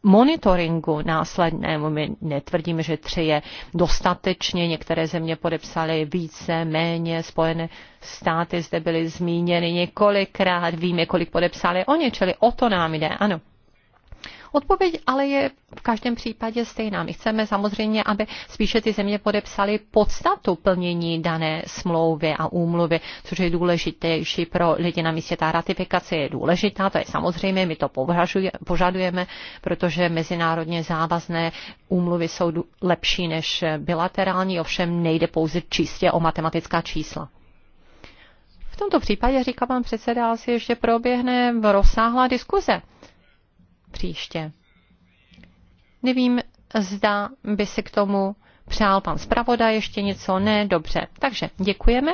[SPEAKER 3] monitoringu následnému. My netvrdíme, že tři je dostatečně. Některé země podepsaly více, méně. Spojené státy zde byly zmíněny několikrát. Víme, kolik podepsali oni, čili o to nám jde. Ano. Odpověď ale je v každém případě stejná. My chceme samozřejmě, aby spíše ty země podepsaly podstatu plnění dané smlouvy a úmluvy, což je důležitější pro lidi na místě. Ta ratifikace je důležitá, to je samozřejmě, my to požadujeme, protože mezinárodně závazné úmluvy jsou lepší než bilaterální, ovšem nejde pouze čistě o matematická čísla. V tomto případě, říká pan předseda, asi ještě proběhne rozsáhlá diskuze příště. Nevím, zda by si k tomu přál pan zpravoda ještě něco. Ne, dobře. Takže děkujeme.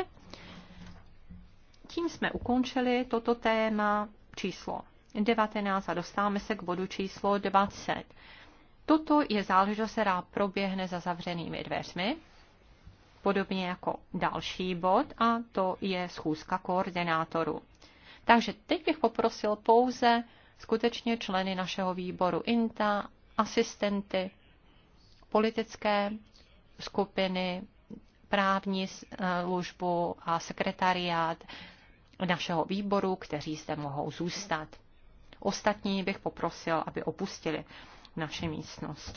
[SPEAKER 3] Tím jsme ukončili toto téma číslo 19 a dostáváme se k bodu číslo 20. Toto je záležitost, která proběhne za zavřenými dveřmi, podobně jako další bod, a to je schůzka koordinátoru. Takže teď bych poprosil pouze skutečně členy našeho výboru INTA, asistenty, politické skupiny, právní eh, službu a sekretariát našeho výboru, kteří zde mohou zůstat. Ostatní bych poprosil, aby opustili naše místnost.